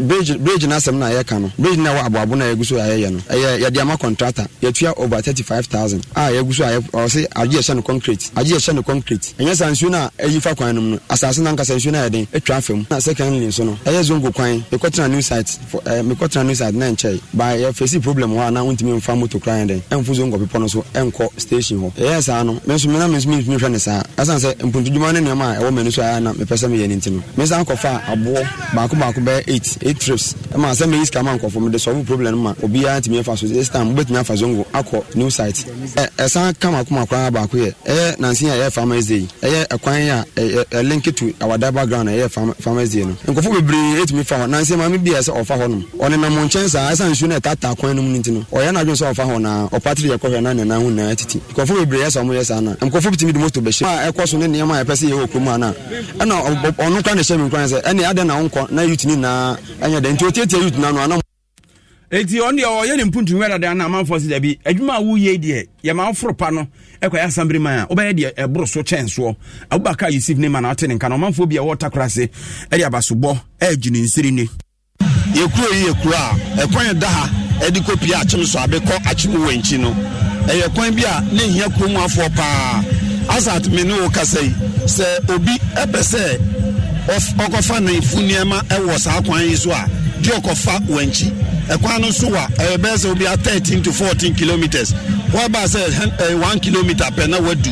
bridge bridge n'asɛm na yɛka no bridge na wɔ aboabo na yɛgu so a yɛde ama contractor yɛtua over thirty five thousand a yɛgu so a ɔse agye yɛhyɛ no concrete agye yɛhyɛ no concrete ɛnyɛ saa nsuo no a ɛyi fa kwan no mu no asase no ankasa nsuo no a yɛden atwa afa mu na secondly nso no ɛyɛ zongo kwan mekɔtena new site mekɔtena new site na nkyɛe ba yɛfɛsi problem hɔ a na wontumi mfa moto koraa dɛn ɛmfo zongo bepɔ no so ɛnkɔ station hɔ ɛyɛ saa no me nso mena me nso mentumi hwɛ ne saa ɛsiane sɛ mpuntudwuma ne nneɛma a ɛwɔ m'ani so a na mepɛ sɛ meyɛ ne nti no mesa nkɔfa aboɔ baako baako bɛyɛ eight eight trips ɛma sɛ meyi sika ma nkɔfo mede sɔfo problem no ma obiara this time afa zongo akɔ new site ɛsan ka baako yɛ ɛyɛ a ɛyɛ farmers day ɛyɛ ɛkwan a ɛlinke to awada background eh, eh, a ɛyɛ farmers day no nkɔfo bebree fa hɔ maame bi a ɔfa hɔ nom ɔnenam nkyɛn saa ɛsan kwan no ɔyɛ sɛ ɔfa hɔ na ɔpatiri yɛkɔhwɛ na ho nkɔfo na eh, nkɔfo moto bɛhyɛ a ɛkɔ so ne nneɛma a ɛpɛ sɛ ana ɛna na mi na eti ɔno deɛ ɔyɛ ne mpuntum wɛ dada na amanfoɔ si dabi adwuma a woyie deɛ yɛma aforo pa no ɛkɔyɛ asambere man a wobɛyɛ deɛ ɛboro so kyɛn soɔ abubakar yusuf ne ma na ɔte ne nka no ɔmanfoɔ bi a wɔta kora se ɛde abasobɔ ɛɛgyi nsiri ni yɛkuro yi yɛkuro a ɛkwan da ha ɛde kɔpie akyem so abɛkɔ akyem wɔ nkyi no ɛyɛ kwan bi a ne hia kurom afoɔ paa asat me ne wo kasa yi sɛ obi ɛpɛ sɛ ɔkɔfa ne fu nneɛma ɛwɔ saa kwan yi so a de ɔkɔfa wɔnkyi ɛkwan no nso wa ɛyɛ bɛyɛ sɛ obi a thirteen to fourteen kilometres wɔaba sɛ ɛɛ one kilometre pɛ na wadu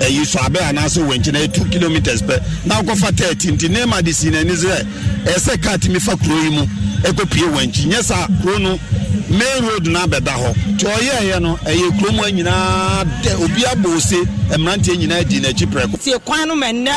ɛyi sɔ abɛ anaasɛ wɔnkyi na ɛyɛ two kilometres pɛ na akɔfa thirteen ti neema de si n'ani sɛ ɛyɛ sɛ kaa ti mi fa kuro yi mu ɛkɔ pie wɔnkyi nyɛ saa kuro no main road na abɛda hɔ nti ɔyɛɛyɛ no ɛyɛ kurom a nyinaa dɛ obi abɔ ose mmeranteɛ nyinaa di n'akyi prɛko tie kwan no ma nnɛ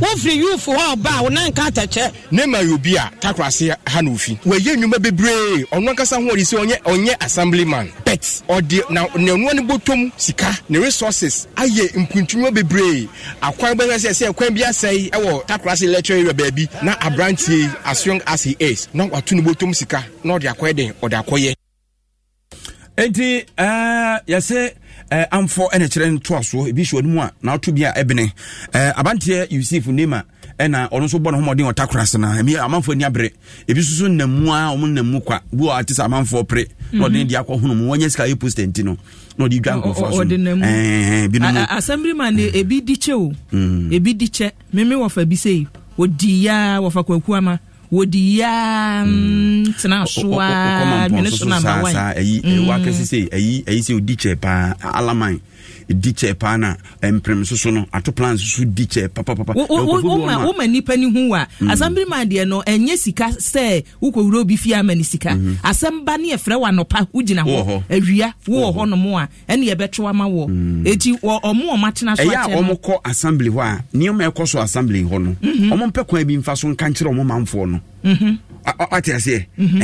wofiri yuufo hɔ ɔba a wonanka atɛkyɛ ne ma yɛ a takorase ha na ofi wɔyɛ nnwuma bebree ɔno ankasa ho ɔde sɛ ɔnyɛ ɔnyɛ assembly man bet ɔde na nɛnoa no bɔtɔm sika ne resources ayɛ mpuntwuma bebree akwan bɛhwɛ sɛ sɛ ɛkwan bi asɛe ɛwɔ takorase lecture area baabi na aberanteɛ as young as he is na wato ne bɔtɔm sika na ɔde akɔyɛ den ɔde akɔyɛ nti eh, yɛsɛ eh, amfo ɛna kyerɛ ntoasoɔ ebi hyɛ ɔnum a n'ato bi a ɛbene eh, abanteɛ yusuf nema ɛna ɔno nso bɔ ne homɔden ɔta kora se na ɛmi amanfo ani abere ebi nso so nam mu a ɔmo nam mu kwa bi wɔ ate sɛ amanfo pere na ɔde ne mhm. deɛ akɔ hono mu wɔnyɛ sika ayɛ posta nti no na ɔde dwa nkɔfoɔ so ɔde nam mu asɛmbiri ma ne ebi di kyɛ o ebi di kyɛ mimi wɔfa bi sɛ odi ya wɔfa kwaku wɔdi yia mm, mm. tena soa dwene so na ma wa yi. ɛyi wakɛ sise ɛyi ɛyi sɛ odi kyɛ paa alaman di kyɛ paa na eh, mprem soso no ato plan soso di kyɛ papapapa. woma eh, woma nipa ni ho wa mm. asambiri maa deɛ no ɛnyɛ sika sɛ wokɔ wura obi fie ama ne sika mhm. asɛm ba ne yɛfrɛ wa nɔpa wogyina hɔ awia wowɔ hɔ nom a ɛne yɛbɛto ama mm. wɔ eti ɔmo ɔmo atena so akyɛ no ɛyɛ a ɔmo kɔ assembly hɔ a nneɛma ɛkɔ so assembly hɔ no mhm. ɔmo mpɛ kwan bi nfa so nka ɔmo manfoɔ no. Mhm ɔte aseɛ mhm.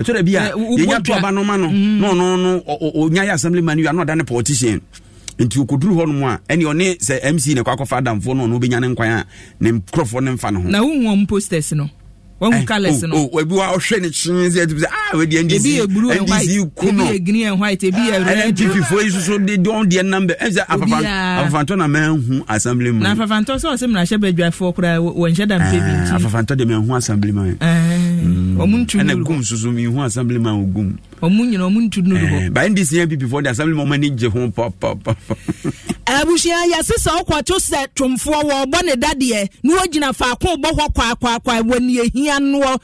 ɛtɔ da bi a yɛnya to aba no ma mhm. no na ɔno no ɔnya yɛ assembly man wia na ɔda ne politician nti okɔduru hɔ nom a ɛne ɔne sɛ mc ne kɔ akɔfa adamfoɔ no ɔno wobɛnya ne nkwan a ne nkurɔfoɔ ne mfa ne ho na wohu wɔm posters no wahu colours no ebi wa ɔhwɛ ne kyen sɛ ɛtumi sɛ ah wei deɛ ndc ndc ku no ebi yɛ green and white ebi yɛ red ɛna npp fo yi soso eh, de dɔn deɛ nambɛ ɛn sɛ afafantɔ na mɛn hu assembly mu na afafantɔ sɛ ɔsɛ mìíràn ahyɛ bɛdwa fo kura wɔn nhyɛ dam pe bi nti afafantɔ de mɛn hu assembly mu ɛna gum soso mi hu assembly mu a ogum ɔmo nyina ɔmo ntu no do hɔ. báyìí ndí sèé bíbí fún ọdẹ asẹ́mi mọ́ ọmọ ní jẹ hún pọ́pọ́pọ́. abusua yasi sa ọkọ tó sẹ tumfoɔ wɔ ɔbɔ ne dadeɛ ni wɔn gyina faako bɔ hɔ kwaakwaakwa wɔ ne ehia noɔ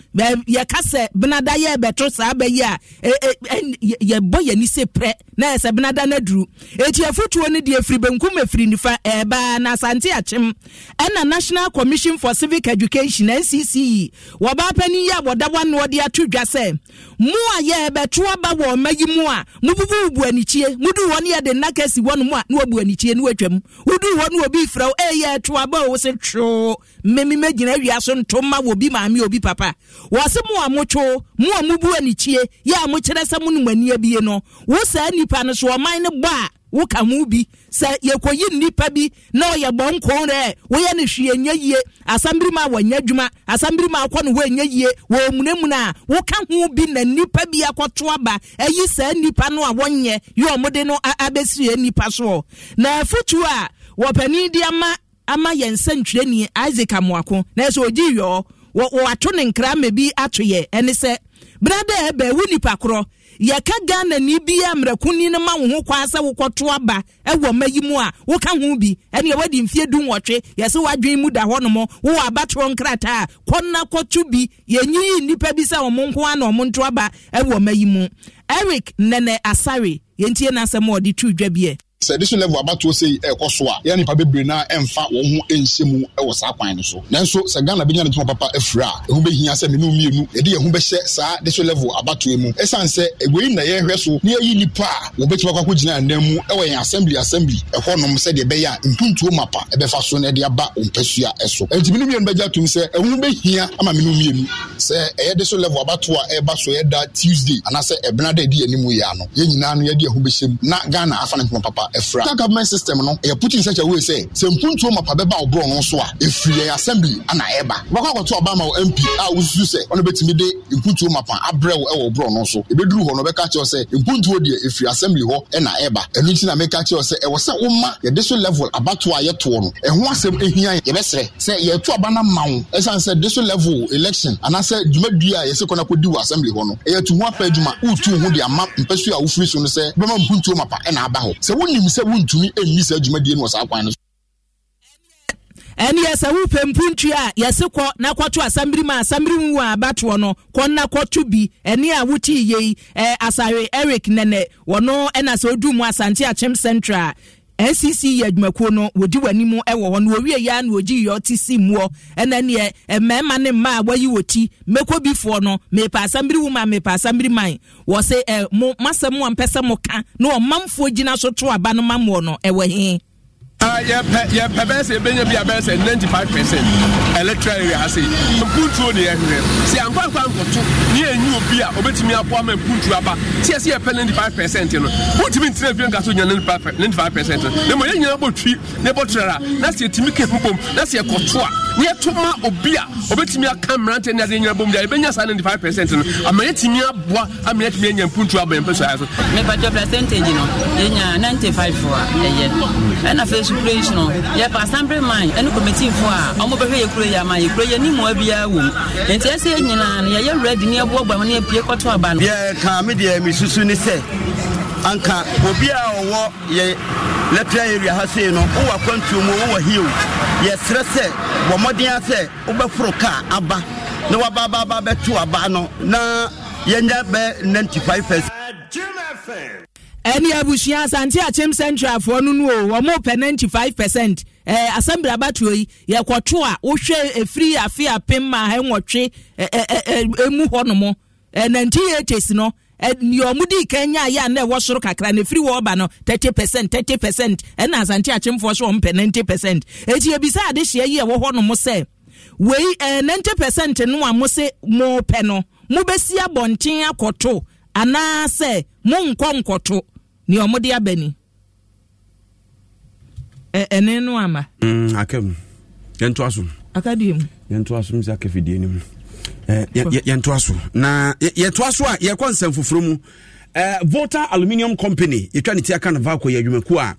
yɛ kasa benada yɛ bɛtɔ saa bɛyi a e, e, yɛ bɔ yɛn nise prɛ na yɛ sɛ benada na duru eti efutuo ne deɛ efiri benkum efiri nifa ɛɛbaa na asante akyem ɛna national commission for civic education ncce wɔbaa panyin yi a wɔda wɔn ano ɔde ato dwa sɛ mu a yɛ bɛto aba wɔ ɔma yi mu a mububu bu anikyie mudu hɔ no yɛde nna kɛsi hɔ no mu a na wabu anikyie na watwam wodu hɔ no obi frɛ wo ɛyɛ to aba a wo se twoo mmemi mɛgyina awia so nto wɔ bi maame obi papa wɔ se mo a motwo mo a mubu anikyie yɛ a mokyerɛ sɛ mo nomania bie no wo saa nnipa no so ɔman no bɔ a woka mu bi sɛ yɛkɔyi nnipa bi na ɔyɛ bɔnko dɛ woyɛ no hwee ɛnyɛ yie asambiri mu a wɔnyɛ adwuma asambiri mu a no hɔ ɛnyɛ yie wɔmunamuna a woka ho bi na nnipa bi akɔto aba ɛyi saa nnipa no a wɔnyɛ yɛ ɔmode no abɛsie nnipa soɔ na afotuo a wɔpanin de ama ama yɛn nsɛntwerɛni isaac amoako na ɛsɛ ɔgyi yɔɔ wɔato ne nkra ma bi ato yɛ ɛne sɛ berɛ dɛ ɛbɛ wo nnipa korɔ yɛka ghana ni bi a mmerɛkuni no ma wo ho kwaa sɛ wokɔto aba ɛwɔ ma yi mu a woka ho bi ɛneɛ wadi mfeɛ du nwɔtwe yɛsɛ woadwen mu da hɔ wowɔ abatorɔ nkrataa kɔnna kɔto bi yɛnyiyi nnipa bi sɛ ɔmo nko a na ɔmo nto aba ɛwɔ ma yi mu eric nɛnɛ asare yɛntie n'asɛm a ɔde tu dwa biɛ sɛ ɛde so level abatoɔ sɛ ɛkɔ so a yɛn nipa bebree na ɛnfa wɔn ho ɛnhyɛ mu ɛwɔ saa kwan no so nanso sɛ ghana bɛnya ne tuma papa afiri a ɛho bɛhia sɛ mmienu mmienu yɛde yɛn ho bɛhyɛ saa de so level abatoɔ mu ɛsan sɛ ewei na yɛhwɛ so ne yɛyi nipa a wɔbɛtumi akɔ akɔgyina ɛnam mu ɛwɔ yɛn assembly assembly ɛhɔnom sɛdeɛ ɛbɛyɛ a ntuntuo mapa ɛbɛfa so na ɛde aba mpɛsua ɛso ɛnti mmienu mmienu bɛgya tom sɛ ɛho bɛhia ama mmienu mmienu sɛ ɛyɛ de so level abatoɔ a ɛreba so ɛda tuesday anaasɛ ɛbena dɛ ɛdi yɛn anim yɛ ano yɛn nyinaa no yɛde yɛn ho bɛhyɛ mu na ghana afa ne tuma papa a ɛfra local government system no ɛyɛ put in such a way sɛ sɛ mpuntuo mapa bɛba ɔborɔ no so a ɛfiri yɛn assembly ana ɛba wɔkɔ akɔto ɔba ma wɔ mp a wosusu sɛ ɔno bɛtumi de mpuntuo mapa abrɛ wo ɛwɔ ɔborɔ no so ɛbɛduru hɔ no ɔbɛka kyerɛ sɛ mpuntuo deɛ ɛfiri assembly hɔ ɛna ɛba ɛno nti na meka kyerɛ sɛ ɛwɔ sɛ woma yɛde so level abato a yɛtoɔ no ɛho asɛm ɛhia yɛbɛsrɛ sɛ yɛto aba no ma wo ɛsiane sɛ de so level election anaasɛ dwumadua a yɛsɛ kɔ no akɔdi wɔ assembly hɔ no ɛyɛ to ho apɛ adwuma wotu ho de ama mpɛsu a wofiri so no sɛ wobɛma mpuntuo mapa ɛna aba hɔ sɛ wonni wonim sɛ wontumi ɛnni saa adwumadie no wɔ saa kwan no so ɛne yɛ sɛ wopɛ mpuntua a yɛse kɔ na kɔto asambiri ma asambiri mu wɔ abatoɔ no kɔ na kɔto bi ɛne a wotii yei asare eric nɛnɛ wɔno ɛna sɛ odu mu asante akyem central ncc yɛ adwumakuo no wɔdi w'anim wɔ hɔ no wɔwie yɛ na wɔgyi yɛ ɔte si muɔ ɛna neɛ mmarima ne mmaa a wɔayi wɔ ti mmɛkɔ bi foɔ no mmepa asambiri wo ma mmepa asambiri man wɔ sɛ ɛ mo masɛm a mpɛ mo ka na ɔmanfoɔ gyina so to aba no ma moɔ no ɛwɔ hee yɛpɛ bɛyɛ sɛ ɛbɛnya bi a bɛyɛ sɛ ninety five percent electoral area ase mpuntuo ne yɛhwehwɛ sɛ ankwankwa nkɔto ne yɛnyi obi a obɛtumi aboa ma mpuntuo aba sɛ yɛsɛ yɛpɛ ninety five percent no wontumi ntena fie nka so nya ninety five percent no na mmom yɛnyina bɔtwi ne bɔtrara na sɛ yɛtumi ka mbom na sɛ yɛkɔto a ne yɛto ma obi a obɛtumi aka mmerante ne ade nyina bom deɛ yɛbɛnya saa ninety five percent no ama yɛtumi a ama yɛtumi anya mpuntuo aba yɛmpɛ so ayɛ so mepatɔ percentage no yɛnya ninety five a ɛyɛ ɛna facebook kuro yi no yɛpa asambre man ɛne kɔmɛtinfo a ɔmobɛhwɛ yɛ kuro yi ama yɛ kuro yɛ ne mmoa biara wɔ mu ɛsɛ nyinaa no yɛyɛ wura di ne ɛboaboa mu ne apue kɔto aba no deɛ kaa me deɛ mesusu ne sɛ anka obi a ɔwɔ yɛ lɛpia area ha sei no wowɔ akwantuo mu wowɔ hio yɛserɛ sɛ bɔ mmɔden a wobɛforo kaa aba na wabaababa bɛto aba no na yɛnya bɛ 95 percent ɛne abusua asante akyem centralfoɔ no eh, no o wɔn eh, pɛ ninety five percent ɛɛ asambra abatoɔ yi yɛkɔto a wohwɛ efiri afe apem ma ɛnwɔtwe ɛɛ ɛɛ emu hɔnom ɛɛ nineteen eighties no ɛɛ wɔn di kanya yɛ anɛ ɛwɔ soro kakra na efiri wɔɔba no thirty percent thirty percent ɛna asante akyemfoɔ so wɔn pɛ ninety percent eti ebisa adehyia yi ɛwɔ hɔnom sɛ wei ɛɛ ninety percent no a mo se mo pɛ no mo besi abɔnten akɔto anaasɛ mo nkɔ nkɔto. ni nea ɔmode abani ɛne no ama to yɛntoa so akaduam yɛntoa so msɛ aka fidie ni mu to so na to so a yɛkɔ nsɛm foforɔ mu Uh, voter aluminium company yɛtwa ne ti aka no vaco yɛ adwumakuo a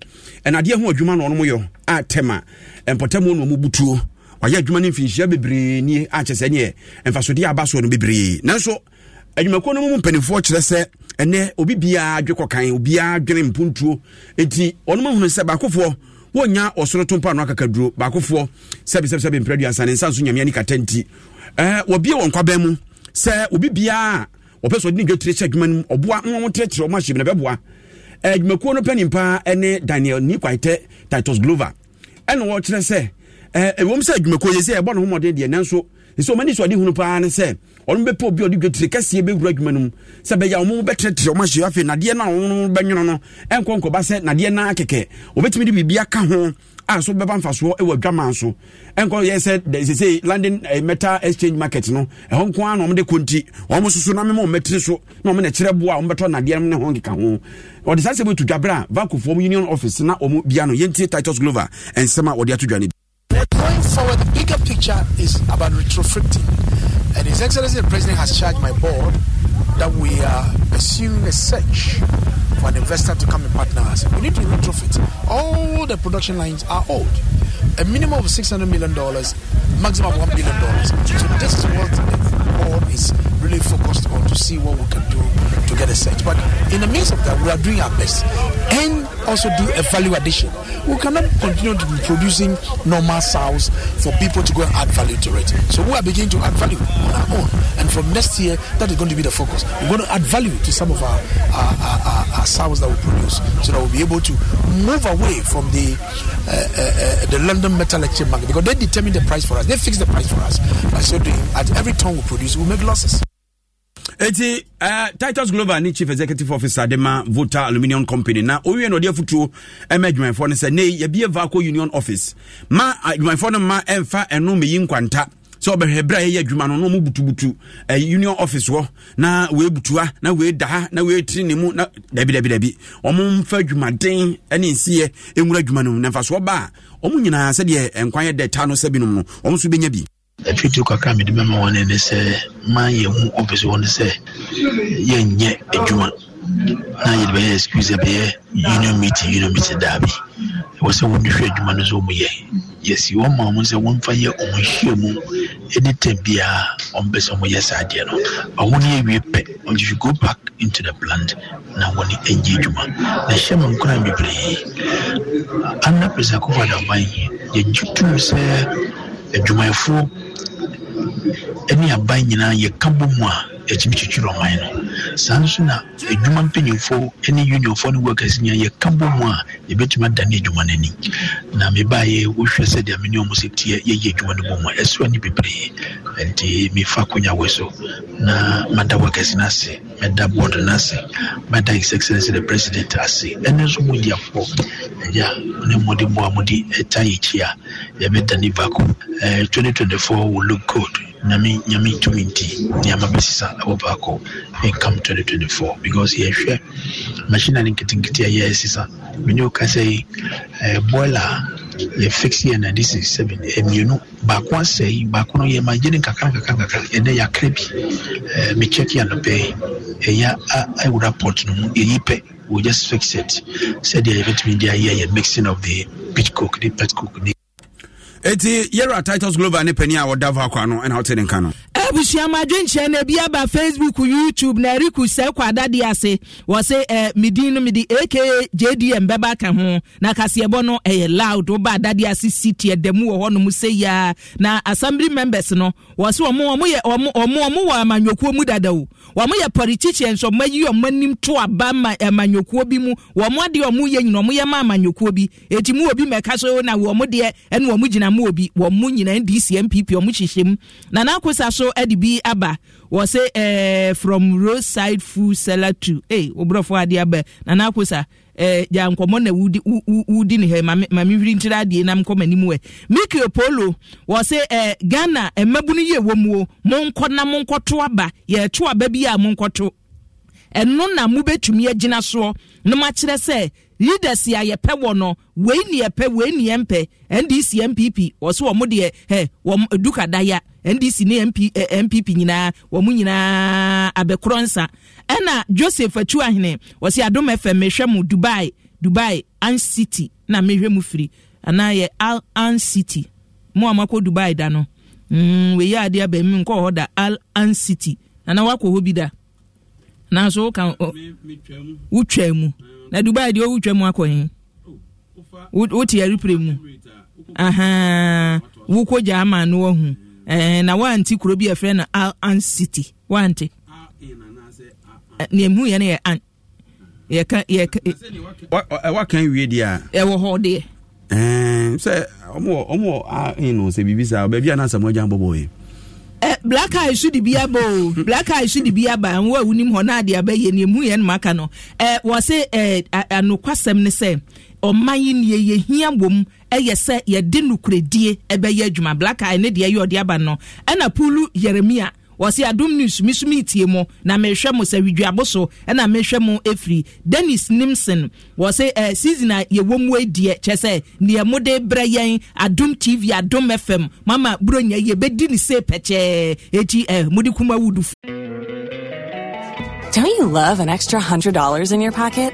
ɛnadeɛ ho adwuma no ɔnom yɛ a tɛma mpɔtamu no ɔmu butuo wayɛ adwuma no mfinhyia bebree nie akyɛ sɛ neɛ mfasodeɛ aba soɔ no bebree nanso adwumakuo no mu mpanimfoɔ kyerɛ sɛ ɛnɛ obi biara dwe kɔkan obiara dwene mpuntuo enti ɔnom ahunu sɛ baakofoɔ wɔnya ɔsoro to mpa no akakaduro baakofoɔ sɛbisɛbisɛbi mpɛ aduasa ne nsa nso nyamea ne kata nti ɛɛ wɔbie wɔn kwaban mu sɛ obi biara wɔpɛ sɛ ɔde ne dwetire hyɛ adwuma no mu ɔboa wɔn wɔn tirɛtirɛ wɔn ahyɛ mu na bɛboa ɛɛ dwumakuo no pɛni paa ɛne daniel nikwaitɛ titus glover ɛna wɔkyerɛ sɛ ɛɛ ewom sɛ dwumakuo yɛ sɛ ɛbɔ ne ho mɔden deɛ nanso nso ɔmani so ɔde hunu paa ne sɛ ɔno bɛpɛ obi ɔde dwa tiri kɛseɛ bɛwura adwuma no mu sɛ bɛyɛ ɔmo bɛtrɛtrɛ ɔmo ahyɛ afei nadeɛ no a ɔmo bɛnwono no ɛnkɔ nkɔba sɛ nadeɛ no akɛkɛ wɔbɛtumi de biribi aka ho a so bɛba mfasoɔ ɛwɔ adwaman so ɛnkɔ yɛ sɛ sesei london metal exchange market no ɛhɔ nko ara na ɔmo de konti ɔmo soso na mema ɔmɛtiri so na ɔmo na ɛkyerɛ boa ɔmo bɛtɔ nadeɛ no ne ho nkeka ho ɔde saa sɛ bɛtu dwabere a vakofoɔ union office na ɔmo bia no yɛntie titus glover ɛnsɛm a ɔde ato dwa no Going forward, the bigger picture is about retrofitting. And His Excellency the President has charged my board that we are pursuing a search for an investor to come and partner us. We need to retrofit. All the production lines are old. A minimum of $600 million, maximum of $1 billion. So this is what all is really focused on to see what we can do to get a set. But in the midst of that, we are doing our best and also do a value addition. We cannot continue to be producing normal sows for people to go and add value to it. So we are beginning to add value on our own. And from next year, that is going to be the focus. We're going to add value to some of our, our, our, our sows that we produce so that we'll be able to move away from the uh, uh, uh, the London metal exchange market because they determine the price for us. They fix the price for us. so doing, at every ton we produce, lose, we'll make losses. eti uh, titus global ne chief executive officer de ma Vota aluminium company na owie na ɔde afotuo eh, ma adwumayɛfoɔ no sɛ ne yɛbie vaco union office ma adwumayɛfoɔ no ma ɛmfa eno meyi nkwanta So, be berɛ ye, ɛyɛ adwuma no na ɔmu butubutu uh, union office wɔ na weebutua na weedaa na weetiri ne mu na dabi dabi dabi ɔmo mfa adwumaden ne nsiɛ nwura adwuma no mu na mfa soɔ ba a ɔmo nyinaa sɛdeɛ nkwan yɛ dɛ ta no sɛ binom no ɔmo nso bɛnya bi afitiw kakra mede bɛma wɔne ne sɛ ma yɛhu ɔfisi wɔ no sɛ yɛnyɛ adwuma na yɛde bɛyɛ excuse bɛyɛ union meeting union meeting daa bi ɛwɔ sɛ wɔn hwɛ adwuma no sɛ wɔn yɛ yɛsi wɔn ma wɔn sɛ wɔmfa yɛ wɔn nhyia mu ɛne tɛm biara wɔn bɛ sɛ wɔn yɛ saa adeɛ no ɔmo ne awie pɛ wɔn ti fi go back into the plant na wɔn ɛnyɛ adwuma na hyɛ mu nkora bebree ana pɛsɛ akokɔ adaban yɛgye tum sɛ adwumayɛfoɔ ɛne aba nyinaa yɛka bɔ mu a ɛkyimi kyikyiri ɔman no saa nso na adwuma mpanyimfo ne unionfoɔ ne workers nyinaa yɛka bɔ mu a yɛbɛtumi adane adwuma no ani na mebaeɛ wohwɛ sɛdeɛ mene ɔmo sɛ tiɛ yɛyɛ adwuma no bɔ mu a ɛsoa ne bebree nti mefa akonya wɔ so na mada workers no ase mɛda board no ase mɛda his excellency the president ase ɛno nso mu diafoɔ ne mmɔde mmoa mode ɛta yɛkyi a yɛbɛdane baako 2024 will look good nyame tumi nti nneɛma bɛsesa ɛwɔ baako income 2024 because yɛhwɛ machine ne eh, nketenkete a yɛɛsesa mene woka sɛ yi boiler yɛ fix yɛ 967 mmienu baako asɛe baako no yɛma gye ne nkakrankakra ɛnɛ yɛakra bi mekyɛke anɔpɛ ɛyɛ awura port no mu ɛyi pɛ we just fix it sɛdeɛ yɛbɛtumi de ayɛ yɛ mixing of the pitch cook the pet cook ne eti yɛra titus global ne pani a wɔda vaakwa no ɛna wote ne nka no abusuama adwenkyerɛ no ebi aba facebook youtube na eriku sɛ kɔ adadeɛ ase wɔse ɛ midin no midi aka jdm bɛba ka ho na kaseɛbɔ no ɛyɛ loud woba adadeɛ ase si tiɛ dɛmu wɔ hɔnom sɛ yaa na assembly members no wɔse wɔn wɔn yɛ wɔn wɔn wɔ amanyɔkuo mu dada o wɔn yɛ pɔrikyikyi nso wɔn ayi wɔn anim to aba ma eh, amanyɔkuo bi mu wɔn adeɛ wɔn yɛ nyina wɔn yɛ ma amanyɔkuo bi eti mu obi mɛka so na wɔn deɛ ɛne wɔn gyina mu obi wɔn nyinaa ndc npp wɔn hyehyɛ mu na n'akosa so ɛde bi aba wɔ sɛ ɛɛ eh, from roadside food seller to ee eh, obrɔfo adi aba nana akosa ɛɛ eh, gya nkɔmɔ na wudi wudi ne hɛ maame maame hwiri ntira adeɛ nam kɔm anim wɛ mikio polo wɔ sɛ ɛɛ ghana mmabunu yie wɔ mu o mo nkɔ na mo nkɔto aba yɛ to aba bi a mo nkɔto ɛno na mo bɛtumi agyina soɔ na mo akyerɛ sɛ leaders a yɛpɛ wɔ no wei ni yɛpɛ wei ni yɛmpɛ ndc npp wɔso wɔn deɛ ɛ wɔn dukadaya ndc ne MP, eh, npp nyinaa wɔn nyinaa abɛkorɔ nsa ɛna joseph atuahene wɔsi adom fm mehwɛ mu dubai dubai an city na mehwɛ mu firi anaa yɛ an city mu a makɔ dubai da no mm, wei yɛ adeɛ abɛn nkɔ hɔ da al an city nana wakɔ hɔ bi da nanso woka wotwa mu. na dubai deɛ ɔwotwa mu akɔ he wote areprɛ mu wokɔ gyaa no wahu na woante kuro bi ɛfrɛ no an city woante neɛmu yɛ no yɛ an wakan wie deɛ a ɛwɔ hɔ deɛ sɛ ọmụ ɔmwɔ ano sɛ biribi saa baabi a na Eh, black eye su de bi aba o black eye su de bi aba nwa a wonim hɔ na adeɛ abɛyɛ ne emu yɛn maka no eh, wɔ se anokwasɛm ne sɛ ɔman yi nie yɛhia wom ɛyɛ sɛ yɛde nokoredie ɛbɛyɛ adwuma black eye ne deɛ ɛyɛ ɔde aba no ɛna eh, pulu yeremia wɔsi adum news mi tie mu na mehwɛ mu sɛ widwiabo so ɛna mehwɛ mu efiri dennis nimson wɔsi ɛɛ eh, season a yɛwɔ mu ediɛ kyɛ sɛ nea mo de brɛ yɛn adum tv adum fm mama buronya yɛbɛdi ne se pɛkyɛɛ eti ɛɛ eh, mo de kuma wudu. Don't you love an extra hundred dollars in your pocket?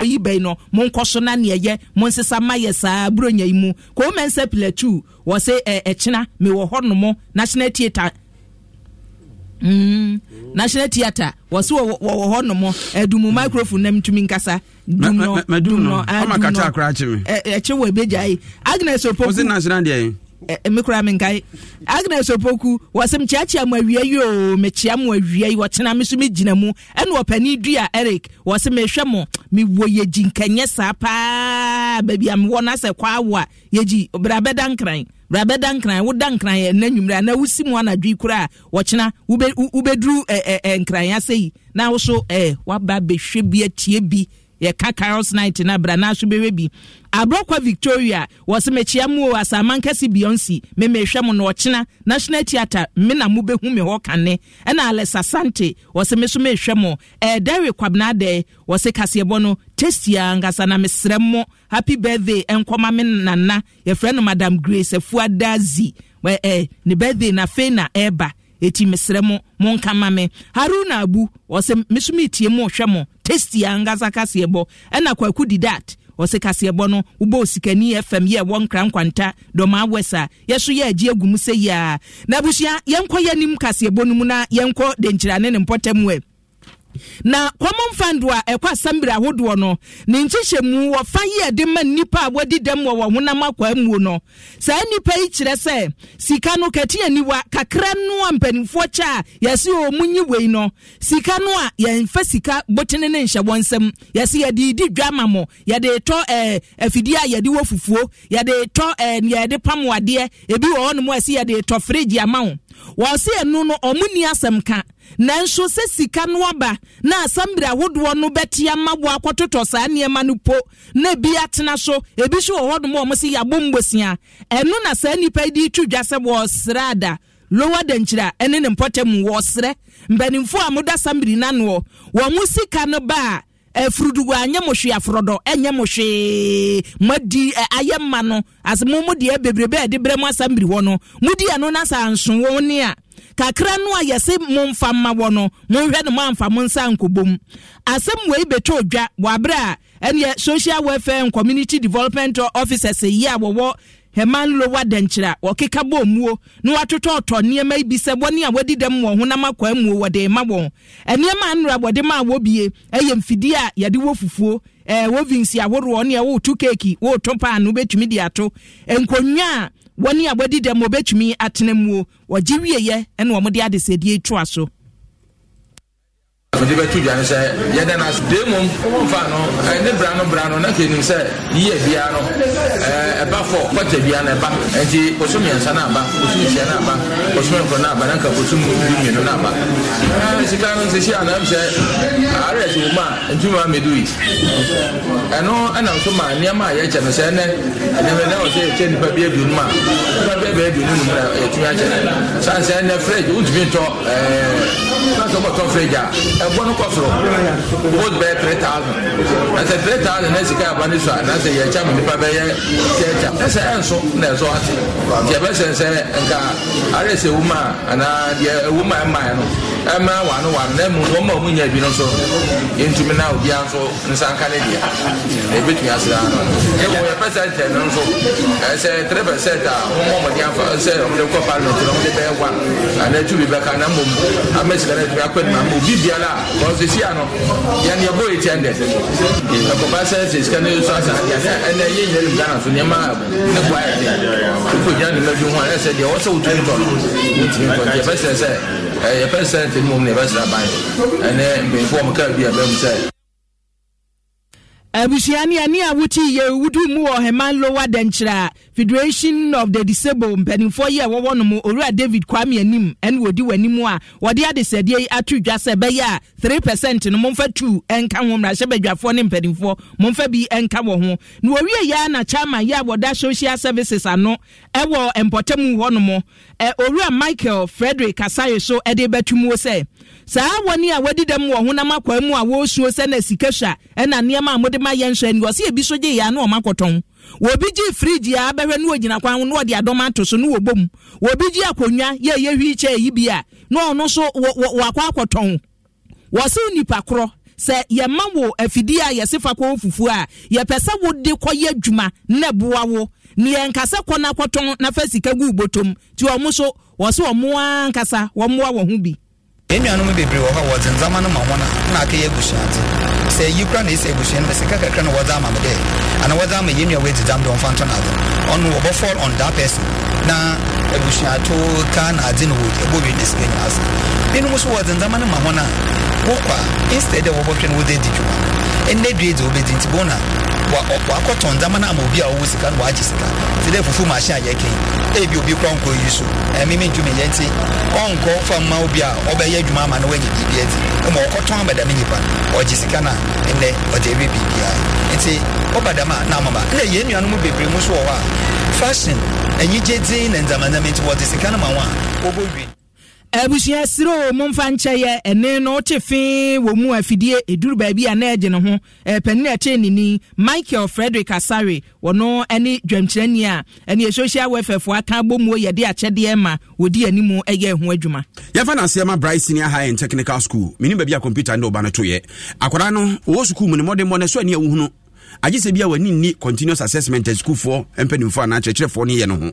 ɔyi bɛyi nọ mo nkọso na neɛ yɛ mo nsesa ma yɛ saa buronya yi mu kò mɛ nsɛ pilatu wɔ se ɛ ɛkyina mi wọ họ nom national theatre mm, national theatre wɔ se wɔ wɔ hɔ nom ɛdumu hmm. microphone nam tumi nkasa dumno dumno ɛkyi wɔ ebegya yi agnes opoku. o se national deɛ yi. mekura menkae agnes opoku wɔsɛm kyeakyea mu awia yi o mekyea mu awia yi wɔkyena me so megyina mu ɛne ɔpani dua eric wɔse mehwɛ mo mewɔ yɛgyi nkanyɛ saa paa baabi a mewɔ no asɛ kɔ awo a yɛgyi brabɛda nkran brabɛda nkran woda nkran ɛna nwummerɛ ana wosi mu anadwo kora a wɔkyena wobɛduru nkran asɛ yi na wo so waba bɛhwɛ bi atie bi yɛka carols night no abra naaso bɛwɛ bi aborɔkwa victoria wɔsɛ makyia mu o asaaman me beyonce memehwɛ mo no ɔkyena national theatre me na mobɛhu me hɔ kane ɛna alesa sante wɔsɛ me so mehwɛ mo ɛdare eh, kwabenadɛ wɔsɛ kaseɛbɔ no testia nkasa na mesrɛ mmɔ happy birthday ɛnkɔma me nana yɛfrɛ no madam grace afuadazi eh, ne birthday na afei na ɛreba eti mesrɛ mo monka ma me haruna abu ɔsɛ meso metie mu hwɛ mo tasty ankasa kaseɛbɔ ɛna kwaku didat ɔsɛ kaseɛbɔ no wobɔ sikani fm yɛ ɛwɔ nkra nkwanta dɔma wes a yɛso yɛ agye agu mu sɛ yie a na abusua yɛnkɔ yɛnim kaseɛbɔ no mu na yɛnkɔ denkyirane ne mpɔtam ɛ na common fund a ɛkɔ asambere ahodoɔ no ne nkyehyɛmu wɔfa yɛ de ma nnipa eh, a wɔadi dɛm wɔ wɔn honam akwaa muo no saa nnipa yi kyerɛ sɛ sika no kati aniwa kakra no a mpanimfoɔ kyɛ a yɛsi wɔn mu nyi wei no sika no a yɛnfa sika botene ne nhyɛ wɔn nsam yɛsi yɛde di dwa ma mo yɛde tɔ ɛɛ afidie a yɛde wɔ fufuo yɛde tɔ ɛɛ eh, yɛde pam wadeɛ ebi wɔ hɔnom a yɛsi yɛde tɔ fridge ama wɔn. wɔsi ɛnu no ɔmo ni asɛm ka nanso sɛ sika no aba na asambere ahodoɔ no bɛte ama bo akɔtotɔ saa nneɛma no po na ebi atena so ebi nso wɔ hɔnom a wɔn si yabɔ mbosia ɛno na saa nnipa yi de retwi dwa sɛ wɔsrɛ ada lowa dankyira ɛne ne mpɔtɛ mu wɔsrɛ mpanimfoɔ a moda asambere nanoɔ wɔn sika no baa furudugu anya mo hwee aforodɔ ɛnyɛ mo hwee mo adi eh, ayɛ no as mo mo deɛ bebrebe a yɛde brɛ mo asam no mo di ano na sa nso wɔn ni a kakra no a yɛsɛ mo nfa mma wɔ no mo nhwɛ no mo anfa mo nsa nkobom asɛm wei bɛtwa odwa wɔ aberɛ a social welfare and community development officers yi a wɔwɔ herman wa dɛnkyerɛ a wɔkeka bɔ muo na watotɔɔtɔ nneɛma yi bi sɛ wɔne a wɔadi dɛm wɔn honam akɔa muo wɔde ma wɔn e nneɛma a nnora wɔde ma wɔbie ɛyɛ e mfidie a yɛde wɔ fufuo ɛɛ e wɔ vinsi ahoroɔ ne ɛwɔɔto keeki wɔɔto paano wobɛtumi de ato nkonnwa a wɔne a wɔadi dɛm wɔbɛtumi atena muo wɔgye wieɛ ɛna wɔde adesɛdeɛ to aso mede bɛto dwane sɛ yɛdɛ no ase de mmom womfa no ne bra no bra no na kɛnim sɛ yiyɛ biara no ɛba fɔ kɔta biara no ɛba nti kɔso mmiɛnsa no aba kɔso nsia no aba kɔso mɛnkɔ no aba na nka kɔso mmienu no aba sika no sɛsi anam sɛ ares wɔ mu a ntuma medo it ɛno ɛnam so ma nneɛma a yɛkyɛ no sɛ ɛnɛ nneɛma ɛnɛ wɔ sɛ yɛkyɛ nnipa bi aduonu mu a nnipa bi abɛɛ aduonu nu mu na yɛtumi akyɛ sane sɛ ɛnɛ fridge wontumi ntɔ ɛɛ na sɛ wɔbɔtɔ fridge a ɛbɔ no kɔ soro vote bɛyɛ three thousand na sɛ three thousand na sika aba ne so a na sɛ yɛ kyɛ ma nipa bɛyɛ kyɛ kyɛ na sɛ ɛnso na ɛsɔ ase nti ɛbɛsɛn sɛ nka ara sɛ ewu ma anaa deɛ ewu ma ɛma yɛ no ɛma wano wano na emu wɔn ma wɔn nya bi no so yɛntumi na obi nso nsa nka ne deɛ na ebi tumi asra ano ewu yɛ percent no nso ɛsɛ three percent a wɔn mɔ wɔn de afa sɛ wɔn de kɔ parliament na wɔn de bɛyɛ one ana etu bi bɛka na mbom amesika na etu akɔ ne ma obi biara kɔsu si ano yanni ɛbɔ eti ɛndɛ ɛkɔba sɛ ɛsɛ sika ne so asa adi adi ɛnɛ yɛ nyɛ nim gana so nneɛma ne kɔ ayɛ de koko gyina ne mɛju ho ɛsɛ deɛ ɔsɛ wotu ne tɔ ne ti ne tɔ nti yɛbɛsɛ sɛ ɛyɛpɛ sɛ ntɛ ne mu ne yɛbɛsɛ aban ɛnɛ mpanyinfoɔ ɔmo kaa bi ɛbɛn mu sɛ abusua ne ani a wote yɛ wudu mu wɔ heman lowa dɛnkyerɛ a federation of the disabled mpanimfoɔ yi a wɔwɔ no mu owura david kwame anim ɛne wɔdi w'anim a wɔde adesadeɛ yi ato dwa sɛ ɛbɛyɛ a three percent no momfa two ɛnka ho mmarahyɛ badwafoɔ ne mpanimfoɔ momfa bi ɛnka wɔ ho na wɔwie yɛ na chairman yi a wɔda social services ano ɛwɔ mpɔtamu hɔ no mu ɛ owura michael frederick kasaye so ɛde bɛtum sɛ saa wɔn a wɔdi dɛm wɔ honam akwa mu a wɔresuo sɛ na sika hwa ɛna nneɛma a wɔde ma yɛn hwɛ ni wɔsi ebi so gye yɛ ano ɔmo akɔtɔn wobi gye firiji a abɛhwɛ no ogyina kwan ho na ɔde adɔm ato so no wɔ bom wobi gye akonnwa yɛ yɛ hwi kyɛ yi bi a na ɔno nso wɔ wakɔ akɔtɔn wɔsi nipa korɔ sɛ yɛma wo afidie a yɛsi fa kɔn fufu a yɛpɛ sɛ wode kɔyɛ adwuma na boa wo ne yɛn nkasa kɔ akɔtɔn na fɛ sika gu botom ti ɔmo so wɔsi ɔmo ankasa wɔmoa wɔn ho bi. nnuanom bebree wɔ hɔ a wɔdze ndzama no ma wɔn na akɛyɛ abusua sɛ yi kora na esi abusua no sika kakra na wɔdze ama me dɛ anaa wɔdze ama yɛn nua wɔadzi dam dɛ ɔmfa ntɔ n'adze ɔno wɔbɔ fall on that person na abusuato ka na adze no wɔdi ɛbɔ wie na sika nyinaa ase binom nso wɔdze ndzama no ma wɔn a wɔkɔ a instead dɛ wɔbɔhwɛ no wɔdze adi dwuma ɛnɛ dua dze obedi nti bona wakɔtɔn ndama na ama obi a ɔwɔ sika no wagye sika nti dɛ fufu machine a yɛkɛn ebi obi kura nkɔ yi so ɛmi mi ntumi yɛn ti ɔnkɔ fa mma obi a ɔbɛyɛ adwuma ama na wɔnyɛ biribi ati ɛmɛ ɔkɔtɔn ama dɛm nipa ɔgye sika na ɛnɛ ɔde ɛwɛ biribiara nti ɔba dɛm a na ɛnna yɛn nuanom bebree mu so wɔ hɔ a fashion ɛnyigye dzin na ndama ndama nti wɔde sika no ma wɔn a wɔbɔ wie abusua sere o mo mfa nkyɛyɛ ɛne no wote fee wɔ mu afidie ɛduru baabi a na ne ho panin a ɛkyerɛ nini michael frederick asare wɔno ne dwamkyerɛni a ɛne ɛsosial wefɛfoɔ aka bɔ muo yɛde akyɛdeɛ ma wɔdi animu ɛyɛ ho adwuma yɛfa no aseɛ ma senior high and technical school menim baabi a computer ne ɔba no toyɛ akwadaa no ɔwɔ sukuu mu ne mmɔdemmɔ no ɛsɛ ani a wohunu agye sɛ bia w'ani ni continuous assessment a sukuufoɔ mpanimfoɔ anaa kyerɛkyerɛfoɔ no yɛ no ho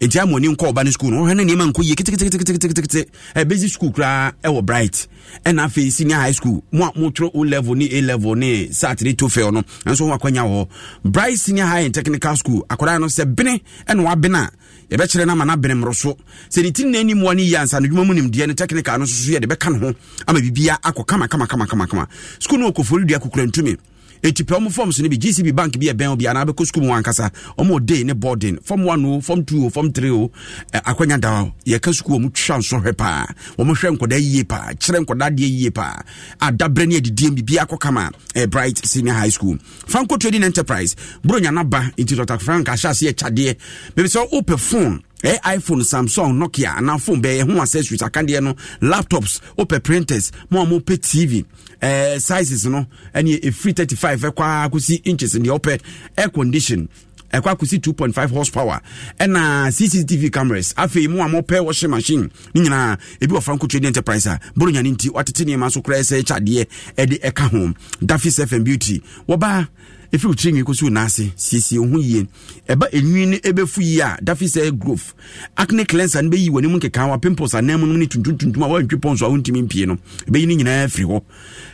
enti ama ɔni nkɔ ɔba no sukuul no ɔhwɛ no nneɛma nkɔ yie keteketeketeketekete ɛbɛsi sukuul koraa ɛwɔ bright ɛna afei senior high school mo a motwerɛ o level ne a level ne saturday to fail no nso ho akwanya wɔ bright senior high and technical school akwadaa no sɛ bene ɛna wabene a yɛbɛkyerɛ no ama no abene mmoro so sɛ ne na nani mmoa no yie ansa no dwuma mu nimdeɛ no technical no nso so yɛde bɛka no ho ama biribia akɔ kama kama kama kama kama sukuul no wɔ kɔfori dua kokura ntumi ɛti pɛ ɔmo forms no bi gcb bank bi ɛbɛn bi anaa bɛkɔ sukuu mu ankasa ɔmo de ne boarding form one o form two o form three o eh, akwanya da yɛka sukuu ɔmo twa nso hwɛ paa ɔmo hwɛ nkɔda yie paa kyerɛ nkɔda adeɛ yie paa adabrɛ ne adidie bi bi akɔ kama eh, bright senior high school franco trading enterprise buro nyanaba nti dr frank ahyɛ aseɛ kyadeɛ bɛbi sɛ wopɛ phone eh, iphone samsung nokia anaa phone bɛyɛ ho accessories akadeɛ no laptops wopɛ printers ma ɔmo pɛ tv Eh, sizes no ɛne eh, ɛfiri 35 ɛkɔa eh, kɔsi inches the wopɛ air condition ɛkɔ akɔsi 2.5 horsepower ɛna cctv cameras afei mu a mɔpɛ washing machine ne nyinaa ebi wɔ franco trading enterprise a boronya no nti watete nneɛma so koraa sɛ kyadeɛ ɛde ɛka ho dafis fm beauty wɔbaa ɛfiri wo tirinwi kɔsi wo naase siesie wo ho yie ɛba ɛnwi no ɛbɛfu yie a dafi sɛ growth acne cleanser no bɛyi w'anim nkeka wa pimples anan mu no ne tuntuntuntum a woantwi pɔn so a wontumi mpie no ɛbɛyi no nyinaa afiri hɔ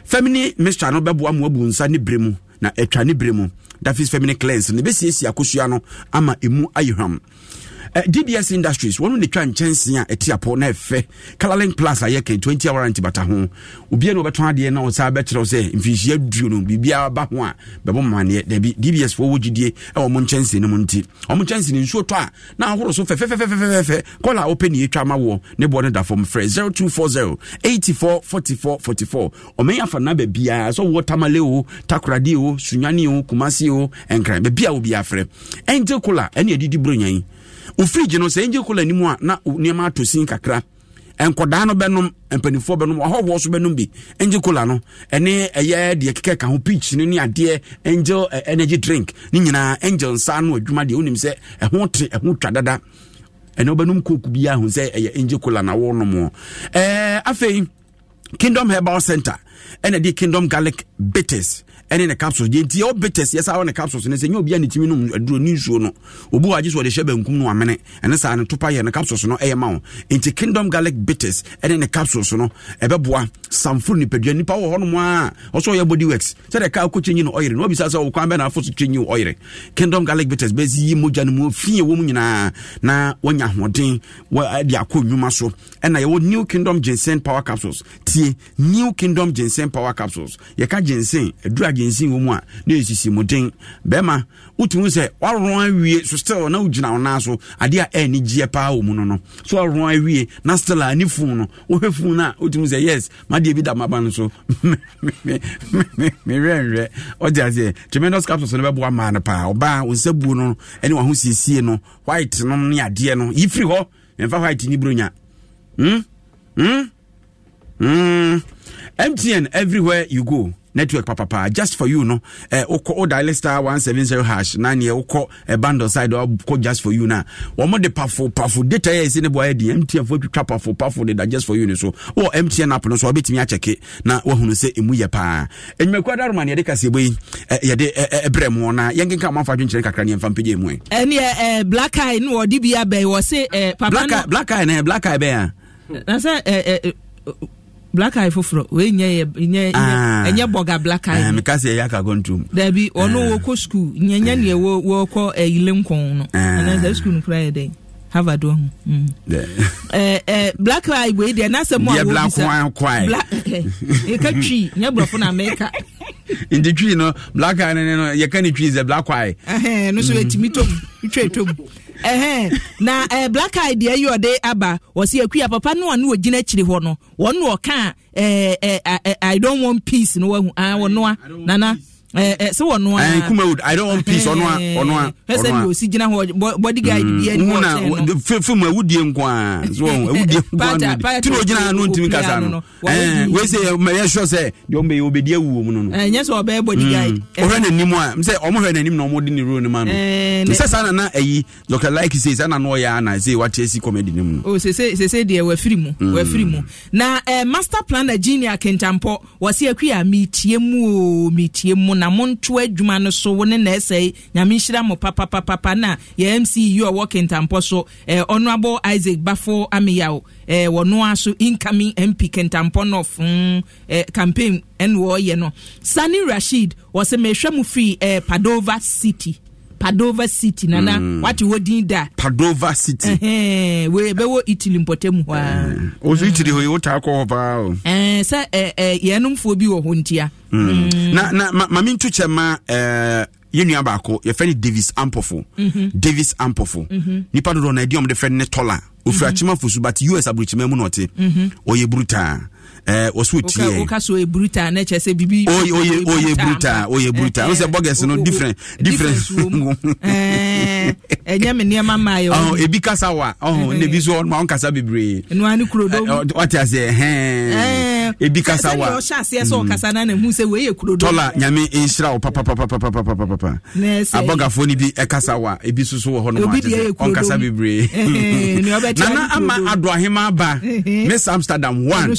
family mixture no bɛboa mmoabu nsa ne berɛ mu na atwa ne berɛ mu dafis family cleanse ne bɛsiesie akosua no ama ɛmu ayɛ hwam Uh, eh, DBS Industries wɔn de twa nkyɛnsee a ɛte apɔ na ɛfɛ Colourlink Plus ayɛ kɛn twenty hour anti bata ho obiara na ɔbɛtɔn adeɛ na ɔsan bɛkyerɛw sɛ mfinhyia duo no biribiara ba ho a bɛbɔ mmaneɛ dɛbi DBS fo wɔ gyidie ɛwɔ ɔmo nkyɛnsee no mu nti ɔmo nkyɛnsee no nsuo tɔ a na ahoro so fɛfɛfɛfɛfɛfɛ kɔla a ɔpɛ ne etwa ama wɔ ne bɔ ne da fam frɛ zero two four zero eighty four forty four forty four ɔmɛn afa na baabiara sɛ wɔwɔ tamale o takoradi o sunyani o kumasi o nkran baabi a obi afrɛ ɛnti kola ɛne adidi buro nyan ofirigi no sɛ ɛngye kola anim a na nneɛma ato sin kakra nkɔdaa no bɛnom mpanimfoɔ bɛnom ahɔhoɔ so bɛnom bi ɛngye kola no ɛne ɛyɛ deɛ keka ka ho peach no ne adeɛ angel energy drink ne nyinaa angel nsa no adwuma deɛ wonim sɛ ɛho te ɛho twa dada ɛnɛ wobɛnom coke biaa ho sɛ ɛyɛ angel kola na wonom ɛɛ afei kingdom herbal center ɛna de kingdom garlic bitters ɛne ne capsules deɛ nti ɔbɛtɛs yɛ saa wɔ ne capsules no sɛ nyɛ obia ne timi nom aduro ne nsuo no obi wɔ agye so ɔde hyɛ bankum no amene ɛne saa ne topa yɛ ne capsules no ɛyɛ ma wo nti kingdom garlic bitters ɛne ne capsules no ɛbɛboa samforo nipadua nipa wɔ hɔ nom a ɔsɛ ɔyɛ body works sɛdeɛ kaa kɔ kyenyi no ɔyere na wabisa sɛ wokwan bɛ na afo so kyenyi wo ɔyere kingdom garlic bitters bɛsiyi mogya no mu fie wɔ mu nyinaa na wanya ahoɔden de akɔ nnwuma so ɛna yɛwɔ new kingdom ginseng power capsules tie new kingdom ginseng power capsules yɛka ginseng adura agency wɔ mu a na ɛsisi mu den bɛrima wotumi sɛ woaroa awie so still na wogyina wo naa so adeɛ a ɛni gyeɛ paa wɔ mu no no so woaroa awie na still a ne fun no wohwɛ fun no wotumi sɛ yes madeɛ bi da maba no so merɛnwerɛ ɔgye aseɛ tremendous capsules no bɛboa maa no paa ɔbaa wo buo no ne waho siesie no white no ne adeɛ no yifiri hɔ mɛmfa white ne buronya hmm? hmm? Mm. MTN everywhere you go network papapa just for you no eh, wokɔ wodial star 170 hash na neɛ wokɔ eh, eh bundle side wokɔ just for you no a wɔmo de pafo pafo data yɛ ɛsɛ ne boayɛ den mtn fo twitwa pafo pafo deda just for you no so wɔ mtn app no so wobɛtumi akyɛke na wahunu sɛ ɛmu yɛ paa ɛnwumakuada roma ne yɛde kaseɛbɔ yi eh, yɛde eh, brɛ mu na yɛnkenka mamfa adwenkyerɛ kakra ne yɛmfa mpɛgye mu ɛneɛ black eye ne wɔde bi abɛi wɔ se papa black eye ne black eye bɛɛ a na sɛ black eye foforɔ wei nyɛ nyɛ ah. ɛnyɛ bɔga black eye. Eh, mika se eya ka kɔntum. dabi ɔno eh. wɔkɔ sukuu nyɛnyɛ nea wɔkɔ ɛyile eh, nkɔn no anasɛ sukuu no kura yɛ mm. dɛ harvard wɔ ho. ɛɛ black eye wei deɛ n'asɛm a wɔn bisa. yɛ black wine kwae. black ɛka twi nyɛ borɔfo na mɛka. nti twi no black eye no yɛka ne twi sɛ black eye. ɛhɛn no so etimi mm. tom etwa etom ɛhɛn na ɛɛ eh, black eye deɛ yi ɔde aba wɔsi akuya papa no a ne wɔgyina hɔ no wɔn na ɔka ɛɛ eh, ɛɛ eh, i don't want peace no wahu aa wɔn noa nana. Peace. Eh, eh, sɛ wɔno eh, i don't want peace gyina hɔ body guide mm. bi no kasa sɛ awuo mu no no sɛ ɔbɛyɛ ɔhwɛ n'anim a sɛ n'anim na ne no ma saa nana ayi ɛyi like say saa na na ɔyɛ ana sɛ wate asi comedy ne mu deɛ wafiri mu wafiri mu na master kentampɔ mu o mu na na monto adwuma no so wo na ɛsɛe nyame nhyira mo papapapapa na yɛ mceu ɔwɔ kentampɔ so eh, ɔnoabɔ isaac bafo ameyaw eh, wɔno a so incoming mp kentampɔ nɔf mm, eh, campaign ɛne wɔɔyɛ no sani rashid wɔsɛ mehwɛ mu firi eh, padova city padova city nana mm. wate hɔ din da padova city wei bɛwɔ italy mpɔta mu hɔ a ɔso italy hɔ yi wotaa kɔ hɔ paa o eh, sɛ eh, eh, yɛnomfoɔ bi wɔ hɔ ntia mm. Mm. na na ma, ma mento kyɛ ma uh, yɛnua baako yɛfɛ mhm. mhm. ne davis ampɔfo mm-hmm. davis ampɔfo mm-hmm. nipa dodoɔ na ɛdi ɔmde fɛ ne tɔla ɔfiri mm-hmm. akyima fosu but us aburukyima mu na ɔte mhm. ɔyɛ brutaa Eh, wɔso tieoyɛ bruta oyɛ bruta wosɛ bɔges no eh, different eh, difference ɛnyɛ me nneɛma maayɛ ɛbi kasa wa na bi so ɔnoma wonkasa bebree ɔte aseɛ hɛ ebi kasa wa tɔla mm. nyame nhyira wo papapapapapapapa abɔgafoɔ no bi ɛkasa wa ebi soso wɔ hɔ nomɔnkasa bebree nana ama adoahema ba. miss amsterdam one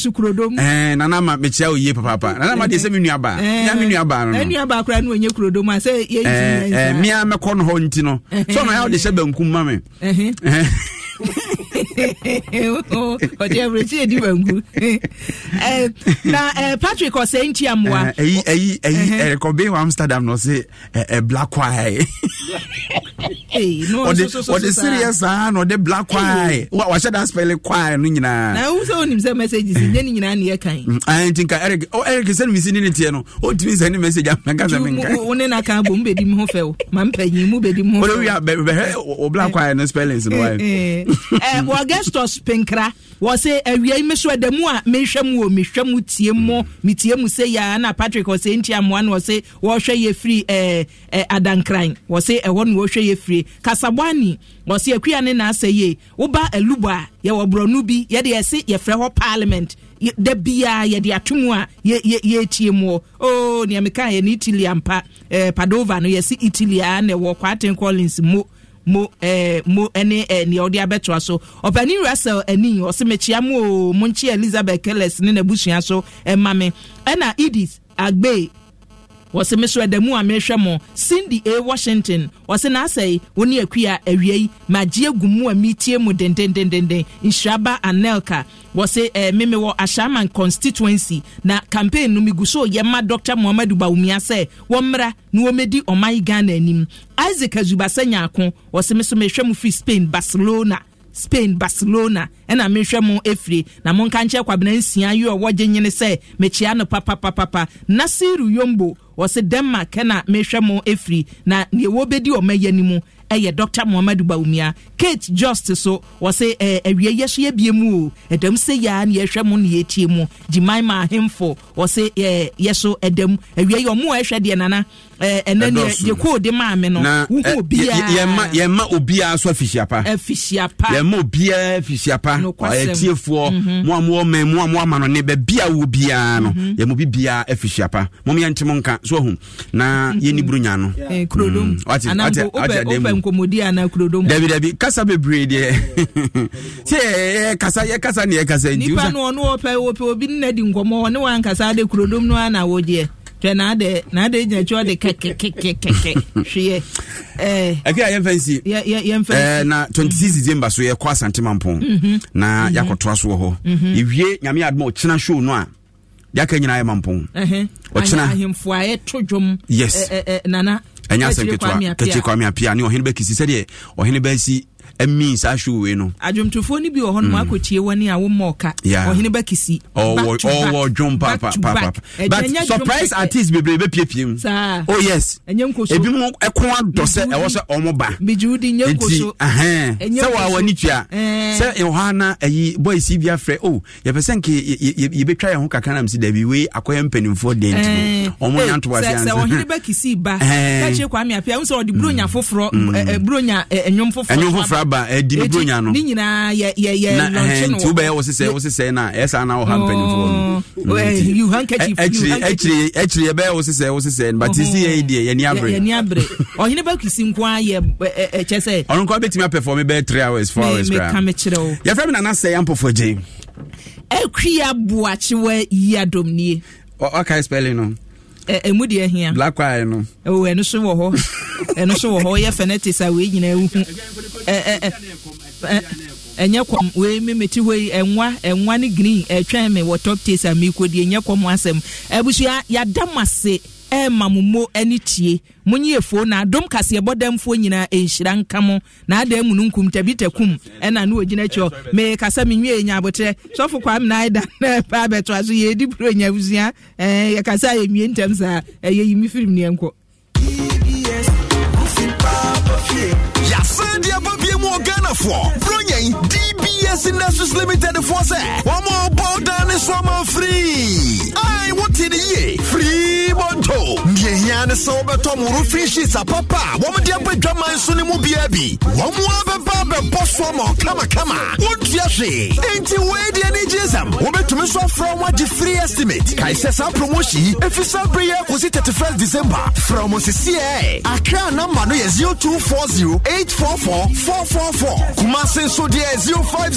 nana ama mekyia oyie papaapa nana ama deɛ sɛ me nuabaa nyame nuabaa no mea mɛkɔ no hɔ nti no sɛ ɔno yɛ wode hyɛ bankum ma me Eh, eh, patrick ɔsɛ nti amoa ɛyi ɛyi ɛrekɔbe wɔ amsterdam na ɔse ɛ black wine ɔde ɔde serious saa na ɔde black wine wahyɛ da spɛle kwai n'u nyinaa na ehu sɛ onim sɛ message si nye ne nyinaa ne yɛ kan ɛn ti nka eric ɔ eric sɛ nimisi ne ne tiɛ no o mi sɛ ne message amuna kasa mi nka wo ne na kan bɔ mu bɛ di mu ho fɛ o ma n pɛ yin mu bɛ di mu ho oh, fɛ o de wi a bɛ bɛ hɛ o black eh. wine no spellings no wa ye. augustus penkra wɔsɛ awia yi me so ɛda mu a mehwɛ mu o mehwɛ mu tie mu hmm. metie mu sɛ yaa na patrick wɔsɛ nti amoa no wɔsɛ wɔhwɛ yɛ firi ɛɛ eh, ɛ eh, adankran wɔsɛ ɛhɔ no wɔhwɛ yɛ firi kasaboani wɔsɛ akuya ne naasɛ yie woba alubo a yɛwɔ borɔno bi yɛde yɛse yɛfrɛ hɔ parliament da biara yɛde ato mu a yɛtie mu o oh, nea meka yɛ no italy ampa ɛɛ eh, padova no yɛse italy a na ɛwɔ kwaten collins mo Mo, ɛɛ mu ɛne eh, ɛɛ nea ɔde abɛtoa so ɔpanin russell ani ɔsi mekyia mu o mu nkyi elizabeth kellis ne n'abusua so ɛma mi ɛna edith agbe wɔsi mi so ɛdɛmu a mehwɛ mo cindy a washington wɔsi n'asɛyi wɔne akuya awia yi magye egu mu a mitie mu dendendenden nhyiraba anelka wɔsi ɛɛ eh, mimi wɔ ashaman constituency na campaign no mi gu so yɛ ma dr muhammadu bawumia sɛ wɔmmra na wɔmɛdi ɔman ghana anim isaac azubase nyako wɔsi mi so mehwɛ fi spain barcelona spain barcelona ɛna mehwɛ mo efiri na monka nkyɛn kwabena nsia yi a wɔgye nyini sɛ mekyia no papapapapa nasiru yombo wɔsɛ denmark ɛna mehwɛ mo ɛfiri na neɛ wɔbɛdi ɔma yɛ no mu ɛyɛ dr mohamad baumia kate just so wɔsɛ ɛɛ awie yɛ so yɛbie mu o ɛdɛm sɛ yaa ne yɛhwɛ mu ne yɛtie mu gyiman ahemfo wɔsɛ ɛɛ yɛ ɛdɛm awie yɛ ɔmo ɛhwɛ deɛ nana ɛnɛ ni yɛ kó o de maa mi no wuhu eh, obiara ma yɛn ma pa afisia pa yɛn ma obiara pa ɛtiefoɔ mu mhm. a mu ɔmɛ mu a mu ama no ne bɛ wo biara no mhm. yɛn mu bi biara afisia pa mo mi yɛn ti mu nka so ohun na mhm. yɛn ni buru nya no kurodom anambo ɔbɛ ɔbɛ nkomodi ana kasa bebree deɛ se yɛ kasa yɛ kasa ni yɛ kasa nti nipa no ɔno ɔpɛ obi ne di nkɔmɔ ɔne wa nkasa de kurodom no ana hwɛ n'ade n'ade so yɛkɔ asantemampɔn mm-hmm. na yɛakɔtoa so wɔ hɔ nyame adum ɔkyena show no a yɛaka nyinaa yɛ mampɔn. ɔkyena ahemfo ɛnyɛ eh, eh, eh, asɛm ketewa kɛkyɛ kwame apia ne ɔhene bɛ sɛdeɛ ɔhene bɛ ɛmi saa hwe wei no adwomtofoɔ no bi wɔ hɔ nom hmm. akɔtie w'ani a woma ɔka ɔhene bɛkisi ɔwɔ dwom papapapa surprise artist bebree bɛpiepie mu oh yes ebinom ɛko adɔ sɛ ɛwɔ sɛ ɔmo ba nti sɛ wɔ aw'ani tua sɛ ɛhɔ na ɛyi boys bi afrɛ o oh, yɛpɛ sɛ nke yɛbɛtwa yɛn ho kakra nam si dabi wei akɔyɛ mpanimfoɔ den ti no ɔmo nya ntoa sɛ ɔhene bɛkisi ba kakyɛ kwame apia wo sɛ ɔde buronya hmm. foforɔ buronya ɛnwom foforɔ aba ɛdi eh, mi bronya no na ɛhɛn tí o eh, bɛyɛ wosi sɛ wosi sɛ na ɛsɛ eh, ana ɔha mpanyinfoɔ no ɛkyiri ɛkyiri ɛkyiri ɛbɛyɛ wosi sɛ wosi sɛ no bati si yɛn deɛ yɛn ni abere yɛn ni abere ɔhene bɛ kisi nko ayɛ ɛɛ kyɛ sɛ ɔno nko abɛtumi apɛfɔmi bɛyɛ three hours four hours kura yɛfrɛ mi nana sɛ yan pɔfɔ gye. ɛkui aboakyewa yi adomnie. ɔkae spelling ɛmu deɛ hia black eye no o ɛno so wɔ hɔ ɛno so wɔ hɔ yɛ fɛnɛtis a wei nyinaa wuhu ɛnyɛ kɔm wei mimiti hɔ yi ɛnwa ɛnwa ne green ɛtwɛn mi wɔ top taste a mi kɔ die ɛnyɛ kɔm asɛm abusua yada mu ase ɛma mo mo ne tie monyɛ fo na adom kaseɛ bɔdamfoɔ nyinaa ɛnhyira nka mo na ada mu no nkum tabi takum ɛna ne wɔgyina akyi hɔ mekasa menwie ɛnya abotrɛ sɔfo kwa mena ɛda na ɛpɛ abɛtoa so yɛdi buro nyabusua yɛkasa a yɛmie ntɛm saa ɛyɛ yimi firim neɛ nkɔ yɛsɛ deɛ bɔbie mu ɔghanafoɔ borɔ nyɛn db Aviation Industries Limited for say, one more bow down is one more free. I want in the year free Monto. Yehiane Sober Tom Rufishis, a papa, woman dear drama and Sunimu Biabi, one more Baba Boss more, come Woman, Kama Kama, what Yashi, ain't you where the energy? energism? Woman to miss off from what the free estimate. Kaisesa promotion, if you celebrate, was it 31st December from CCA? Accra number is 0240 844 444. Kumasi Sudia 05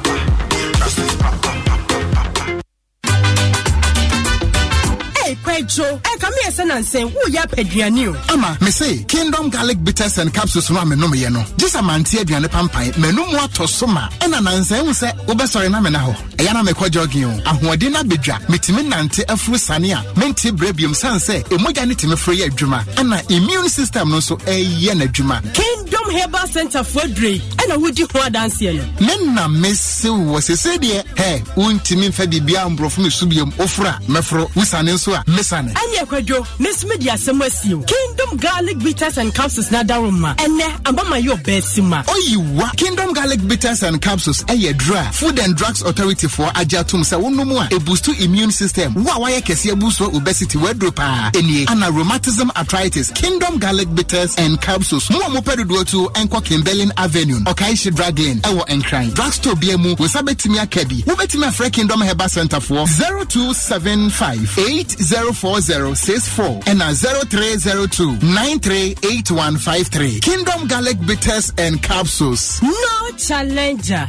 ekwadwo ɛnka mi yɛ sɛ nansɛn wuyɛ apɛduane o. ama mese kingdom garlic bitters and capsules no a menom yɛ no gye sɛ mante aduane pampan m'anum atɔ so ma ɛna nansɛn wo sɛ wobɛsɔre na mena hɔ ɛyɛ na mekɔ jogging o ahoɔden no abɛdwa metumi nante afuru sane a mente berɛ biom sane sɛ ɛmogya no tumi foro yɛ adwuma ɛna immune system no nso ɛyɛ n'adwuma kingdom Farm Herbal Center for Dre, ɛna wodi ho adanseɛ no. Ne na mesi wɔ sese deɛ, hɛ, wontumi mfa biribi a mborɔfo mi so biam ofura mɛforo wusane nso a mesane. Ɛnyɛ kwadwo, mesumi di asɛm asi Kingdom garlic bitters and capsules n'adaro ma. Ɛnɛ, abama yɛ ɔbɛ ma. Oyi Kingdom garlic bitters and capsules ɛyɛ duro a Food and Drugs Authority for agye atom sɛ wonom a ebustu immune system. Wo a wayɛ kɛseɛ busua obesity wɛduro paa. Enie, ana rheumatism arthritis, Kingdom garlic bitters and capsules. Mo a mopɛ dodoɔ tu nsuo nkɔ kimberlin avenue ɔkaehye Drag lane ɛwɔ nkran drugstore bia mu wosa bɛtumi akadi wobɛtumi afrɛ kingdom heba centerfoɔ 0275 804064 ɛna 0302 kingdom garlic bitters and capsules no challenger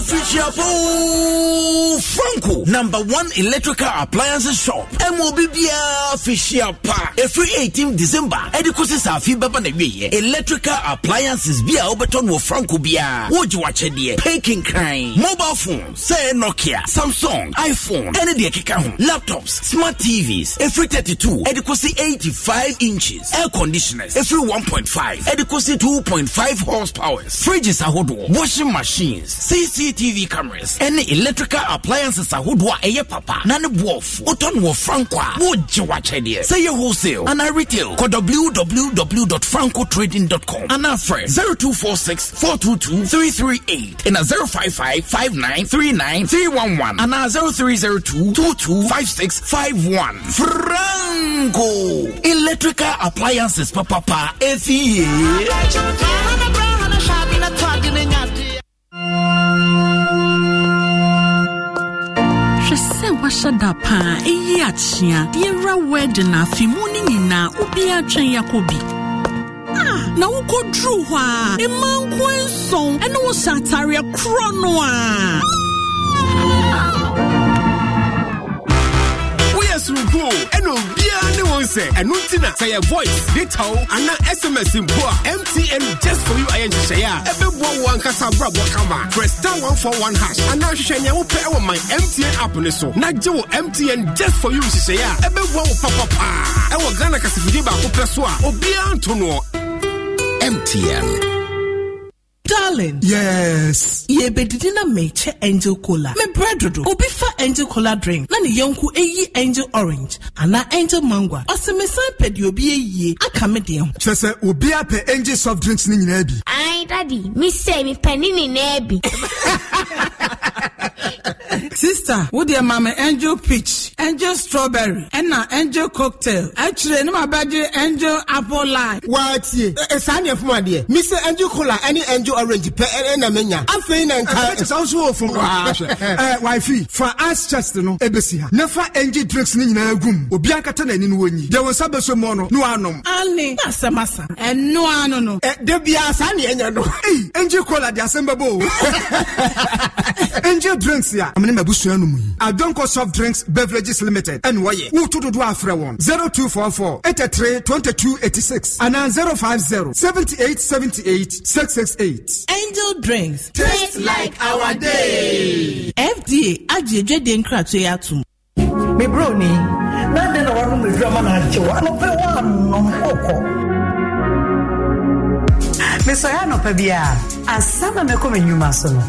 Afishabo Franco, number one electrical appliances shop. MOBBA Fishiapa. Every 18th December, Edikosi Safi Baba Neweye. Electrical appliances Bia Oberton wo Franco Bia. Woji Wachedie, Peking Crane, Mobile phones. say Nokia, Samsung, iPhone, any de Kikahun, laptops, smart TVs, every 32, Edikosi 85 inches, air conditioners, every 1.5, Edikosi 2.5 horsepowers, fridges ahodo, washing machines, CC CCTV cameras any electrical appliances ahodoɔ a ɛyɛ papa na ne boɔfo wotɔ no wɔ franco a wogye w'akyɛdeɛ sɛ yɛ wholesale ana retail kɔ www.francotrading.com anaa frɛ 0246 422 338 Ana 055 5939 311 anaa 0302 225651 franco electrical appliances papapa ɛfie ahyɛ da paa ɛyi akyea yɛwura wedding afe mu no nyinaa obiara twɛn yɛakɔ bi na wokɔduru hɔ a ɛma nko nsɔn ɛne wo hyɛ atareɛ korɔ no a woyɛ soronko ɛna obi ne wɔn sɛ ɛno nti na sɛ yɛ voice data o anaa sms mpo a mtn just for you ayɛ nhyehyɛeɛ a ɛbɛboa wo ankasa abrabɔ kama press star 141 hash anaa hwehwɛ nea wopɛ ɛwɔ man mtn app ne so na gye wo mtn just for you nhyehyɛeɛ a ɛbɛboa wo papapaa ɛwɔ ghana kasafidie baako pɛ so a obiara nto noɔ mtn darling. Yes. Yebedidi na meche angel cola. Me bread dodo. Obi fa angel cola drink. Na ne yonku eyi angel orange. Ana angel mango. Ose me san pe di obi eyi. Aka me de ho. Kyerɛ sɛ obi apɛ angel soft drinks ne nyinaa bi. Ai daddy, me mi me panini na bi. sister wodeɛ maame angel peach angel strawberry ɛna angel cocktail akyire ne ma bɛgye angel apple lime. line. waatie saa ni ɛfuma adeɛ mise angel kola ɛne angel orange pɛ ɛna menya afei na nka. ɛsɛ ɔsɔ wɔ fam waahwɛ ɛɛ waifi fa ice chest no ebesi ha ne fa angel drinks ne nyinaa gum obi akata n'ani no wɔnyi deɛ wɔn nsa bɛ so mɔ no ne wɔanom. ale na asɛm asa ɛno ano no. ɛ debia saa ni ɛnya no. ee angel kola di asɛm bɛ o angel drinks ya. ɔmene mabusua no mu yi adonko soft drinks beverages limited ɛne wɔyɛ woto dodoɔ afrɛ wɔn 0244 83 2286 anaa 050 668 angel drinks taste like our day fda agye dwade nkratoe atom mebrɛ ni na dɛn na wɔnom adwama no agye wo anɔpɛ woanom wokɔ mesɔre anɔpa bi a asɛm a mɛkɔ m'anwuma so no